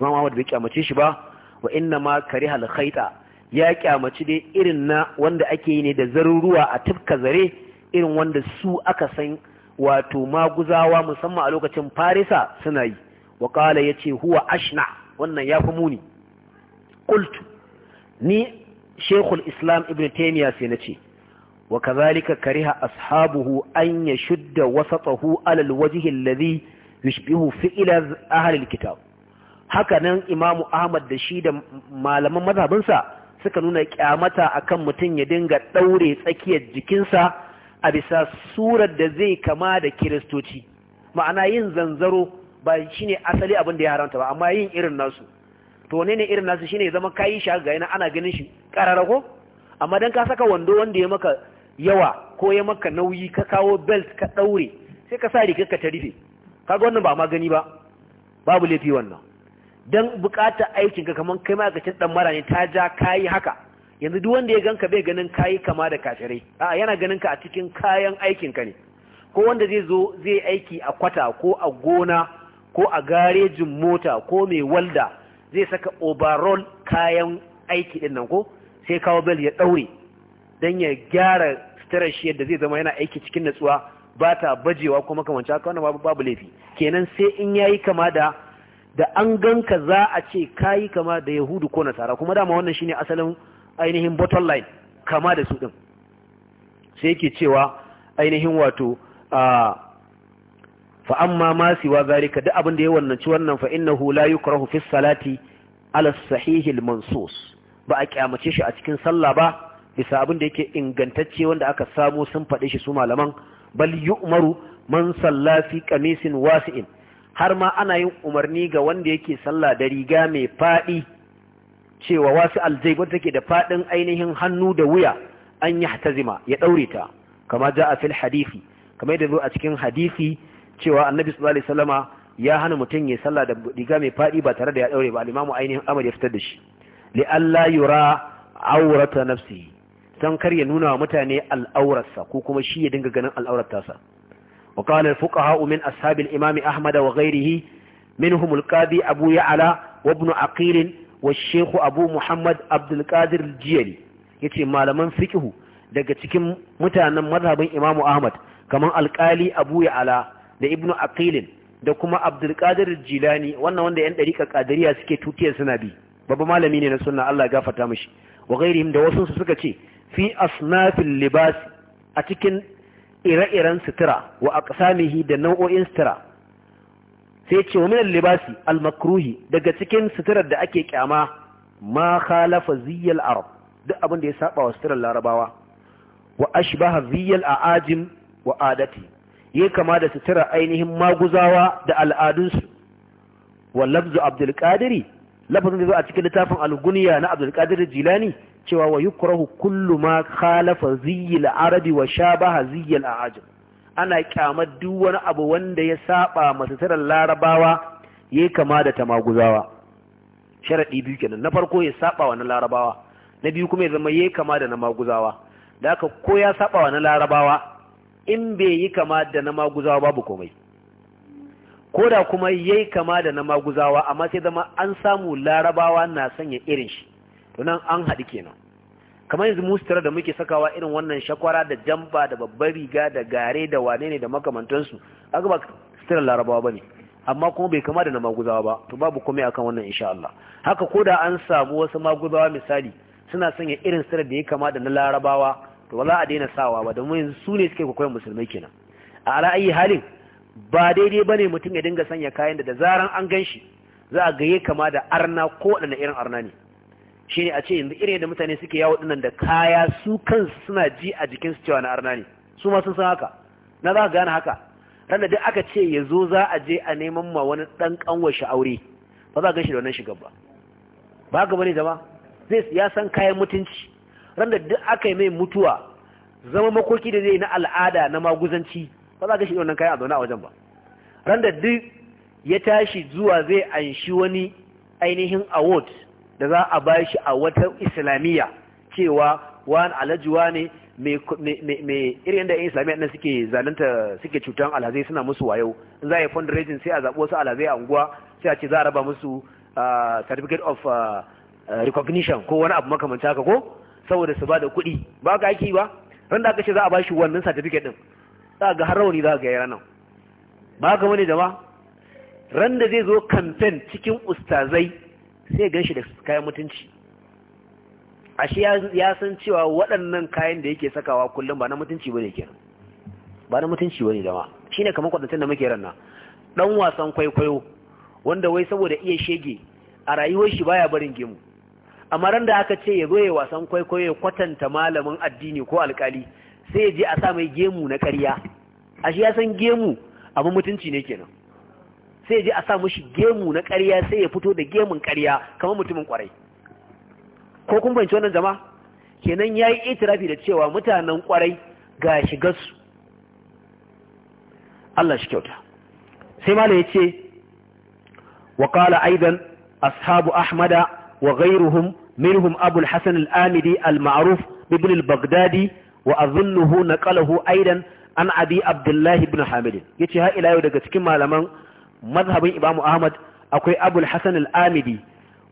Speaker 1: ma Ahmad bai kyamace shi ba wa inna ma kare halkaita ya kyamaci dai irin na wanda ake yi ne da zaruruwa a tukka zare irin wanda su aka san wato maguzawa musamman a lokacin farisa suna yi wa kala ya ce huwa ashna wannan ya fi muni kultu ni shekul islam ibn taimiyya sai na ce wa kazalika kariha ashabuhu an ya shudda tsahu alal wajihin ladhi yushbihu fi'ila ahlil kitab haka nan imamu ahmad da shi da malaman mazhabinsa suka nuna kyamata akan mutum ya dinga ɗaure tsakiyar jikinsa a bisa surar da zai kama da kiristoci ma'ana yin zanzaro ba shi ne asali abin da ya haramta ba amma yin irin nasu to ne ne irin nasu shine zama kayi shi ga yana ana ganin shi karara ko amma dan ka saka wando wanda ya maka yawa ko ya maka nauyi ka kawo belt ka daure sai ka sa rigar ka ta rufe kaga wannan ba magani ba babu laifi wannan dan bukata aikinka kamar kai ma ɗan cin dan mara ne ta ja kayi haka yanzu duk wanda ya ganka bai ganin kayi kama da kafirai a yana ganin ka a cikin kayan aikin ka ne ko wanda zai zo zai aiki a kwata ko a gona ko a garejin mota ko mai walda zai saka overall kayan aiki din nan ko sai kawo bel ya daure dan ya gyara stress shi yadda zai zama yana aiki cikin natsuwa ba ta bajewa kuma kamanci haka wannan babu laifi kenan sai in yayi kama da da an ganka za a ce kayi kama da yahudu ko nasara kuma dama wannan shine asalin ainihin bottom line kama da su ɗin sai yake cewa ainihin wato a fa'amma ma siwa ka duk abin da ya wannanci wannan fa'innahu la yukrahu fi salati ala sahihil mansus ba a kyamace shi a cikin sallah ba bisa abin da yake ingantacce wanda aka samu sun faɗe shi su malaman bal yu'maru man salla fi qamisin wasi'in har ma ana yin umarni ga wanda yake sallah da riga mai faɗi cewa wasu aljai wadda take da faɗin ainihin hannu da wuya an yi hatazima ya ɗaure ta kama za a fil hadisi kamar yadda zo a cikin hadisi cewa annabi sallallahu alaihi wasallama ya hana mutum ya sallah da riga mai faɗi ba tare da ya daure ba alimamu ainihin amar ya fitar da shi li alla yura aurata nafsihi dan kar ya nuna wa mutane al'aurarsa ko kuma shi ya dinga ganin al'aurata sa. wa qala al-fuqaha min ashabil imam ahmad wa ghayrihi minhum al-qadi abu ya'la wa ibn aqil wa shehu abu muhammad abdulkadir jiyari ya ce malaman fikihu daga cikin mutanen mazhabin imamu ahmad kamar alkali abu ya'ala da ibnu akilin da kuma abdulkadir jilani wannan wanda yan ɗariƙa ƙadariya suke tutiyar suna bi babba malami ne na suna allah gafarta mishi wa ghairihim da wasu suka ce fi asnafil libasi a cikin ire-iren sutura wa aqsamihi da nau'o'in sutura sai ce wa minal libasi al-makruhi daga cikin suturar da ake kyama ma khalafa ziyyal arab duk abin da ya saba wa suturar larabawa wa ashbaha ziyyal aajim wa adati yayi kama da suturar ainihin maguzawa da al'adunsu wa lafzu abdul qadiri lafazin da zo a cikin littafin algunya na abdul qadir jilani cewa wa yukrahu kullu ma khalafa ziyyal arabi wa shabaha ziyyal aajim ana kyamar duk wani abu wanda ya saba masitarar larabawa ya kama da tamaguzawa sharaɗi biyu kenan na farko ya saba wa na larabawa na biyu kuma ya zama ya kama da na maguzawa da aka ko ya saba wa na larabawa in bai yi kama da na maguzawa babu komai ko da kuma ya yi kama da na maguzawa amma sai zama an samu larabawa na sanya irin shi to nan an haɗu kenan kamar yanzu mustara da muke sakawa irin wannan shakwara da jamba da babbar riga da gare da wane ne da makamantansu aka ba sutura larabawa ba ne amma kuma bai kama da na maguzawa ba to babu komai akan wannan insha Allah haka da an samu wasu maguzawa misali suna sanya irin sutura da ya kama da na larabawa to wala a daina sawa ba domin yanzu su ne suke kwaikwayon musulmai kenan a ra'ayi halin ba daidai bane mutum ya dinga sanya kayan da da zaran an gan shi za a gaye kama da arna ko irin arna ne Shi ne a ce yanzu irin da mutane suke yawo dinnan da kaya su kansu suna ji a jikin su cewa na arna ne su ma sun san haka na za ka gane haka ranar duk aka ce ya zo za a je a neman ma wani dan kanwar shi aure ba za ka shi da wannan shigar ba ba ka bane zama zai ya san kayan mutunci da duk aka yi mai mutuwa zama makoki da zai na al'ada na maguzanci ba za ka shi da wannan kayan a zauna a wajen ba da duk ya tashi zuwa zai anshi wani ainihin award da za a ba shi a wata islamiyya cewa wani alajuwa ne mai irin da 'yan islamiyya nan suke zalunta suke cutan alhazai suna musu wayo in za a yi fundraising sai a zaɓi wasu alhazai a unguwa sai a ce za a raba musu ah, certificate of ah, ah, recognition ko wani abu makamanci haka ko saboda su ba da kuɗi ba ka aiki ba ran da aka ce za a ba shi wannan certificate din za ga har rauni za ga yi ranar ba ka wani jama'a ran da zai zo kamfen cikin ustazai sai gan shi da kayan mutunci ashe ya san cewa waɗannan kayan da yake sakawa kullum ba na mutunci bane kenan ba na mutunci bane dama shine kamar kwadantan da muke ranna dan wasan kwaikwayo wanda wai saboda iya shege a rayuwar shi baya barin gemu amma ran da aka ce ya zo ya wasan kwaikwayo ya kwatanta malamin addini ko alkali sai ya je a sa mai gemu na ƙarya ashe ya san gemu abin mutunci ne kenan sai je a sa shi gemu na ƙarya sai ya fito da gemun ƙarya kamar mutumin ƙwarai ko kun fahimci wannan jama kenan ya yi itirafi da cewa mutanen ƙwarai ga shigarsu Allah shi kyauta sai Malam ya ce wa ƙala aidan ashabu ahmada wa gairuhum minhum abul hasan al-amidi al-ma'ruf ibn al-baghdadi wa azunnuhu naqalahu aidan an abi abdullahi ibn hamid yace ha ila yau daga cikin malaman mazhabin Imam Ahmad akwai Abul Hasan al-Amidi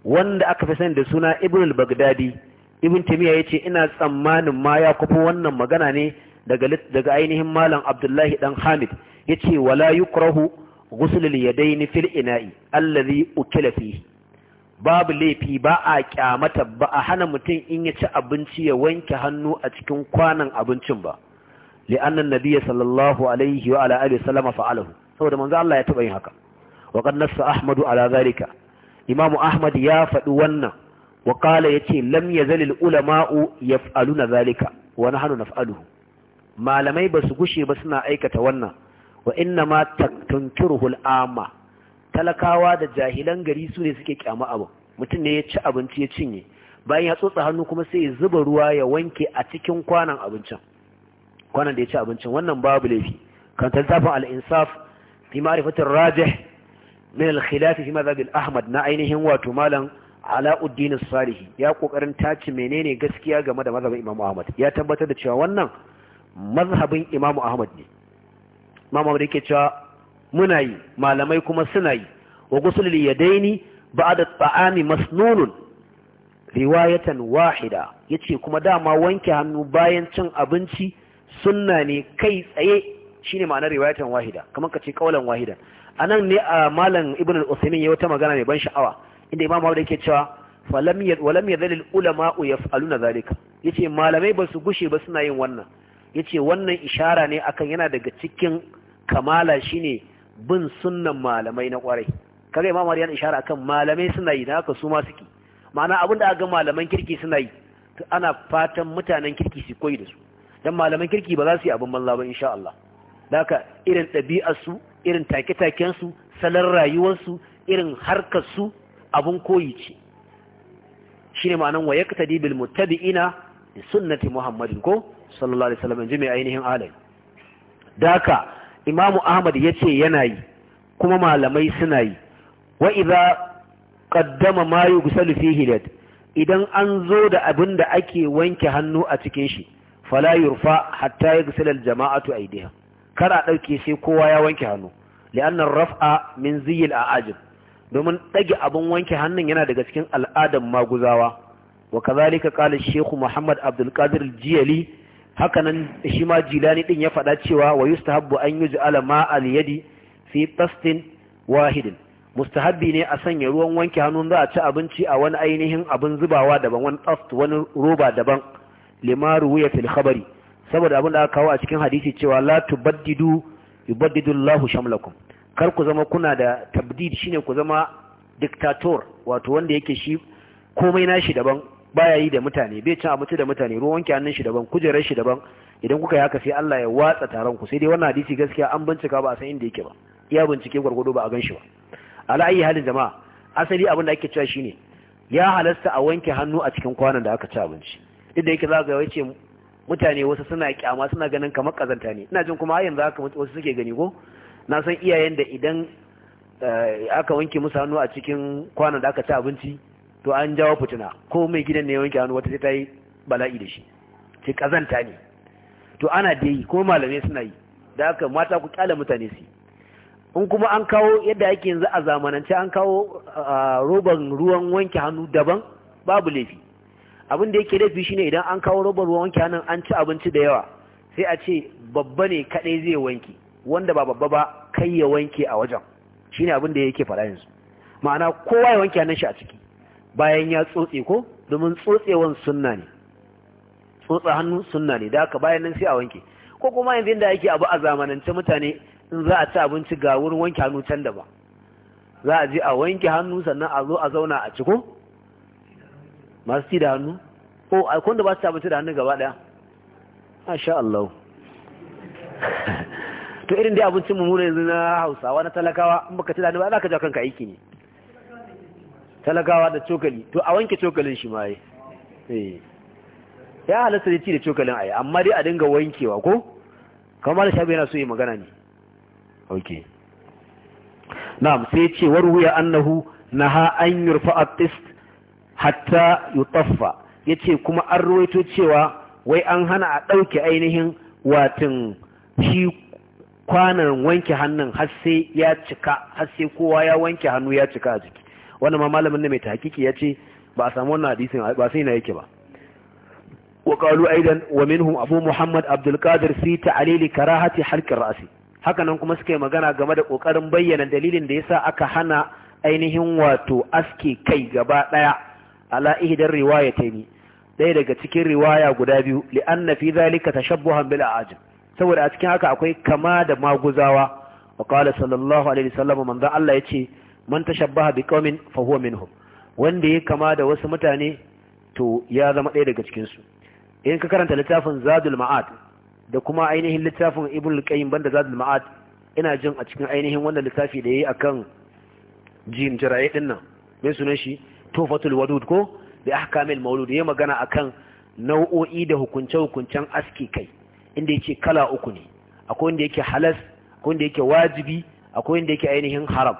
Speaker 1: wanda aka fi sani da suna Ibn al-Baghdadi Ibn Taymiyyah yace ina tsammanin ma ya kufo wannan magana ne daga daga ainihin Malam Abdullahi dan Hamid yace wala yukrahu ghusl al-yadayn fil ina'i alladhi ukila fihi babu laifi ba a kyamata ba a hana mutum in ya ci abinci ya wanke hannu a cikin kwanan abincin ba li'annan nabiyya sallallahu alaihi wa ala alihi sallama fa'alahu saboda manzo Allah ya taba yin haka wa qad nassa ahmadu ala zalika imamu ahmad ya faɗi wannan wa qala yace lam yazal al ulama'u yaf'aluna zalika wa nahnu naf'aluhu malamai basu gushe ba suna aikata wannan wa inna ma tunkiruhu al amma talakawa da jahilan gari su ne suke kyama abu mutum ne ya ci abinci ya cinye bayan ya tsotsa hannu kuma sai ya zuba ruwa ya wanke a cikin kwanan abincin kwanan da ya ci abincin wannan babu laifi kan tattafin al-insaf fi ma'rifatir rajih min al-khilaf fi madhhab al-ahmad na ainihin wato malam Alauddin Salihi ya kokarin tace menene gaskiya game da mazhabin Imam Ahmad ya tabbatar da cewa wannan mazhabin Imam Ahmad ne Imam Ahmad yake cewa muna yi malamai kuma suna yi wa gusul ba'a ba'da ta'ami masnunun riwayatan wahida yace kuma dama wanke hannu bayan cin abinci sunna ne kai tsaye shine ma'anar riwayatan wahida kamar ka ce kaulan wahida anan ne a ah, malam ibn al ya wata magana mai ban sha'awa inda imam Malik yake cewa falam yad walam yadhal al-ulama yaf'aluna zalika yace malamai ba su gushe ba suna yin wannan yace wannan ishara ne akan yana daga cikin kamala shine bin sunnan malamai na kwarai kaga imam Malik yana ishara akan malamai suna yi haka su ma suke ma'ana abinda aka ga malaman kirki suna yi ana fatan mutanen kirki su koyi da su dan malaman kirki ba za su yi abin banza ba insha Allah da irin ɗabi'arsu irin take-takensu salon rayuwarsu irin harkarsu abin koyi ce shi ne ma'anan wa ya kata dibil mutabi'ina da sunnati muhammadin ko sallallahu alaihi wasallam jimai ainihin alai da imamu ahmad ya ce yana yi kuma malamai suna yi wa iza kaddama ma yughsalu fihi idan an zo da abin da ake wanke hannu a cikin shi fala yurfa hatta ya al jama'atu aydihim kar a ɗauke sai kowa ya wanke hannu li'annan raf'a min ziyil ajin domin ɗage abin wanke hannun yana daga cikin al'adan maguzawa wa kazalika qala shaykh muhammad abdulkadir qadir jiyali hakanan shi ma jilani din ya faɗa cewa wa yustahabbu an yi ma alama yadi fi tastin wahidin mustahabbi ne a sanya ruwan wanke hannun za a ci abinci a wani ainihin abin zubawa daban wani tsast wani roba daban limaru ya fil khabari saboda abin da aka kawo a cikin hadisi cewa la tubaddidu yubaddidu Allahu shamlakum kar ku zama kuna da tabdid shine ku zama diktator wato wanda yake shi komai nashi daban baya yi da mutane bai cin abinci da mutane ruwan wanke hannun shi daban kujerar shi daban idan kuka yi haka sai Allah ya watsa taron ku sai dai wannan hadisi gaskiya an bincika ba a san inda yake ba iya bincike gwargwado ba a gan ba ala ayi halin jama'a asali abin da ake cewa shine ya halasta a wanke hannu a cikin kwanan da aka ci abinci duk da yake za ga yace mutane wasu suna kyama suna ganin kamar kazanta ne ina jin kuma har yanzu haka wasu suke gani ko na san iyayen da idan eh, aka wanke musu hannu a cikin kwanan da aka ci abinci to an jawo fitina ko mai gidan ne ya wanke hannu wata sai ta yi bala'i da shi ce kazanta ne to ana da yi ko malamai suna yi da haka mata ku kyale mutane su in kuma an kawo yadda ake yanzu a zamanance an kawo ah, roban ruwan wanke hannu daban babu laifi abin da yake laifi shine idan an kawo robar ruwan wanki hannun an ci abinci da yawa sai a ce babba ne kadai zai wanki wanda ba babba ba kai ya wanke a wajen shine abin da yake faɗa yanzu ma'ana kowa ya wanke hannun shi a ciki bayan ya tsotse ko domin tsotsewan sunna ne tsotsa hannu sunna ne da aka bayan nan sai a wanke ko kuma yanzu da yake abu a zamanance mutane in za a ci abinci ga wurin wanke hannu can da ba za a je a wanke hannu sannan a zo a zauna a ciko masu ci da hannu ko a da ba su tabbatar da hannu gaba daya masha Allah <laughs> to irin dai abincin mu yanzu na Hausawa na talakawa in baka ci da hannu ba za ka ja kanka aiki ne talakawa da cokali to a wanke cokalin shi ma eh ya halatta da ci da cokalin ayi amma dai a dinga wankewa ko kamar da shabi yana so yi magana ne okay na'am sai ya ce warwuya annahu naha an yurfa at-tist hatta yutaffa yace kuma an ruwaito cewa wai an hana a ɗauke ainihin watin shi kwanan wanke hannun har sai ya cika har sai kowa ya wanke hannu ya cika a jiki wannan ma malamin ne mai tahqiqi yace ba a samu wannan hadisin ba sai na yake ba wa minhum abu muhammad abdul qadir fi ta'lil karahati halq ar rasi haka hakanan kuma suka yi magana game da kokarin bayyana dalilin da yasa aka hana ainihin wato aske kai gaba ɗaya ala ihdar riwayataini ɗaya daga cikin riwaya guda biyu li'anna fi zalika tashabbuhan bil ajam saboda a cikin haka akwai kama da maguzawa wa qala sallallahu alaihi wasallam manzo Allah yace man tashabbaha bi qaumin fa huwa minhum wanda ya kama da wasu mutane to ya zama ɗaya daga cikin su in ka karanta littafin zadul ma'ad da kuma ainihin littafin ibn al-qayyim banda zadul ma'ad ina jin a cikin ainihin wannan littafi da yayi akan jin jira'i dinnan Me sunan shi tofatul wadud ko bi ahkamil maulud yayi magana akan nau'o'i da hukunce-hukuncen aski kai inda yake kala uku ne akwai wanda yake halas akwai wanda yake wajibi akwai wanda yake ainihin haram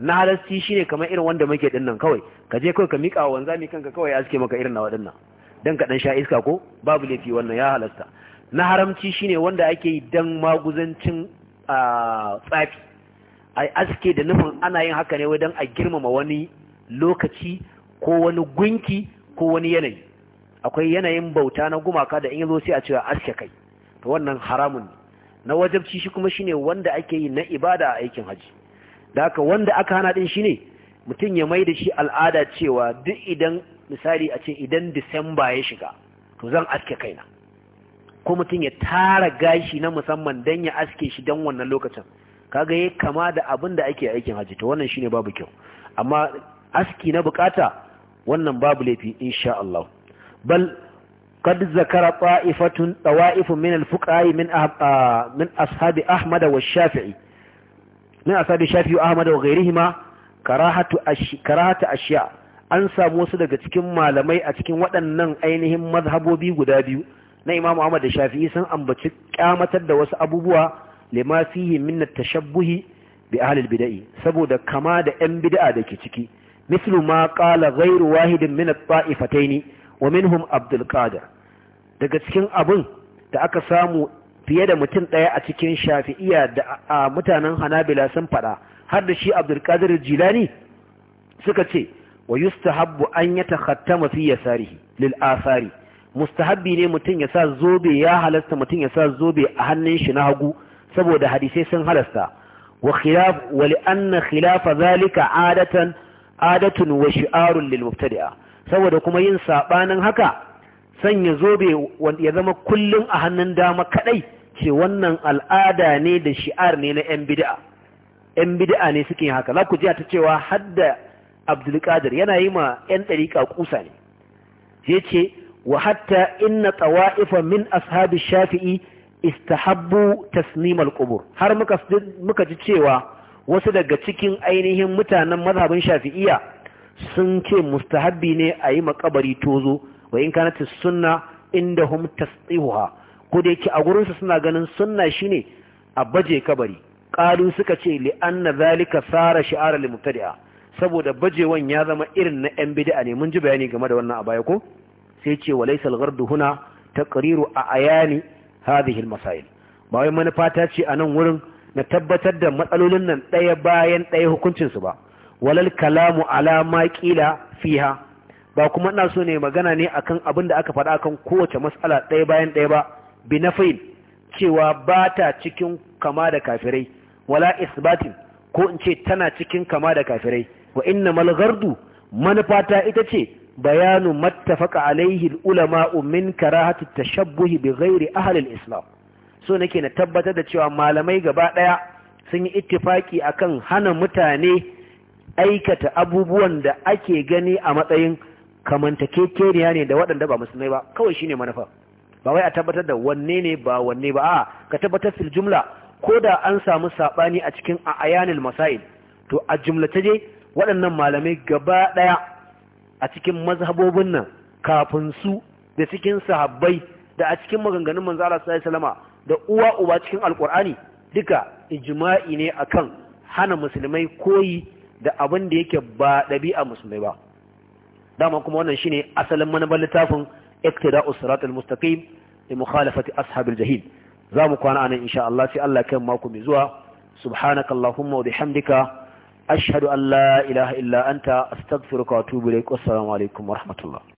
Speaker 1: na halasci shine kamar irin wanda muke din nan kawai ka je kawai ka mika wa wanzami kanka kawai ya aske maka irin na wadannan dan ka dan sha iska ko babu laifi wannan ya halasta na haramci shine wanda ake yi dan maguzancin ah, tsafi ai aske da nufin ana yin haka ne wai dan a girmama wani lokaci ko wani gunki ko wani yanayi akwai yanayin bauta na gumaka da in yazo sai a cewa aske kai to wannan haramun ne na wajabci shi kuma shine wanda ake yi na ibada a aikin haji da haka wanda aka hana din shine mutum ya mai da shi al'ada cewa duk idan misali a ce idan disamba ya shiga to zan aske kai na, ko mutum ya tara gashi na musamman dan ya aske shi dan wannan lokacin kaga yayi kama da abin da ake aikin haji to wannan shine babu kyau amma aski na bukata wannan babu laifi insha Allah bal qad zakara ta'ifatun tawa'ifun min al-fuqaha min ah, ah, min ashabi ahmad wa shafi'i min ashabi shafi'i ahmad wa ghayrihima karahatu ashiya an samu wasu daga cikin malamai a cikin waɗannan ainihin mazhabobi guda biyu na imam ahmad da shafi'i sun ambaci kyamatar da wasu abubuwa lima fihi min tashabbuhi bi ahlil bid'i saboda kama da yan bid'a da ke ciki mislu ma qala ghairu wahidin min at-ta'ifatayn wa minhum Abdul daga cikin abun da aka samu fiye da mutum ɗaya a cikin shafi'iya da a mutanen Hanabila sun faɗa har da shi Abdul Qadir Jilani suka ce wa yustahabbu an yatakhattama fi yasarihi lil asari mustahabbi ne mutum ya sa zobe ya halasta mutum ya sa zobe a hannun shi na hagu saboda hadisai sun halasta wa khilaf wa li anna khilafa zalika adatan adatun wa shi'arun lil mubtadi'a saboda kuma yin sabanin haka sanya zobe ya zama kullum a hannun dama kadai ce wannan al'ada ne da shi'ar ne na yan bid'a yan bid'a ne suke haka za ku ji ta cewa hadda abdulkadir yana yi ma yan dariƙa kusa ne sai ce wa hatta inna tawa'ifa min ashabi shafi'i istahabbu tasnimal qubur har muka muka ji cewa wasu daga cikin ainihin mutanen mazhabin shafi'iya sun ce mustahabbi ne a yi makabari tozo wa in kana sunna inda hum tasdihuha ko da yake a gurin su suna ganin sunna shine a baje kabari qalu suka ce li anna zalika sara shi'ara lil mubtadi'a saboda bajewan ya zama irin na yan bid'a ne mun ji bayani game da wannan a baya ko sai ce walaysa al-ghardu huna taqriru a ayani hadhihi al-masail ba wai manufa ta ce a nan wurin na tabbatar da matsalolin nan ɗaya bayan ɗaya hukuncinsu ba walal kalamu alama ƙila fiha ba kuma ina so ne magana ne akan abin da aka faɗa akan kowace matsala ɗaya bayan ɗaya ba bi nafain cewa ba ta cikin kama da kafirai wala isbatin ko in ce tana cikin kama da kafirai wa inna malgardu manufata ita ce bayanu mattafaka alaihi ulama'u min karahatu tashabbuhi bi ghairi ahlil islam so nake na tabbatar da cewa malamai gaba ɗaya sun yi ittifaki akan hana mutane aikata abubuwan da ake gani a matsayin kamantakekeniya ne da waɗanda ba musulmai ba kawai shine manufa ba wai a tabbatar da wanne ne ba wanne ba a ka tabbatar fil jumla ko da an samu saɓani a cikin ayanil masail to a jumlace je waɗannan malamai gaba ɗaya a cikin mazhabobin nan kafin su da cikin sahabbai da a cikin maganganun manzo Allah sallallahu alaihi wasallama da uwa uba cikin alkur'ani duka ijma'i ne akan hana musulmai koyi da abin da yake ba ɗabi'a musulmai ba dama kuma wannan shine asalin manabar littafin iktida'us siratal mustaqim da mukhalafati ashabil jahil zamu kwana anan insha Allah sai Allah kai mako mai zuwa subhanaka allahumma wa bihamdika ashhadu an la ilaha illa anta astaghfiruka wa atubu ilaik assalamu alaikum wa rahmatullah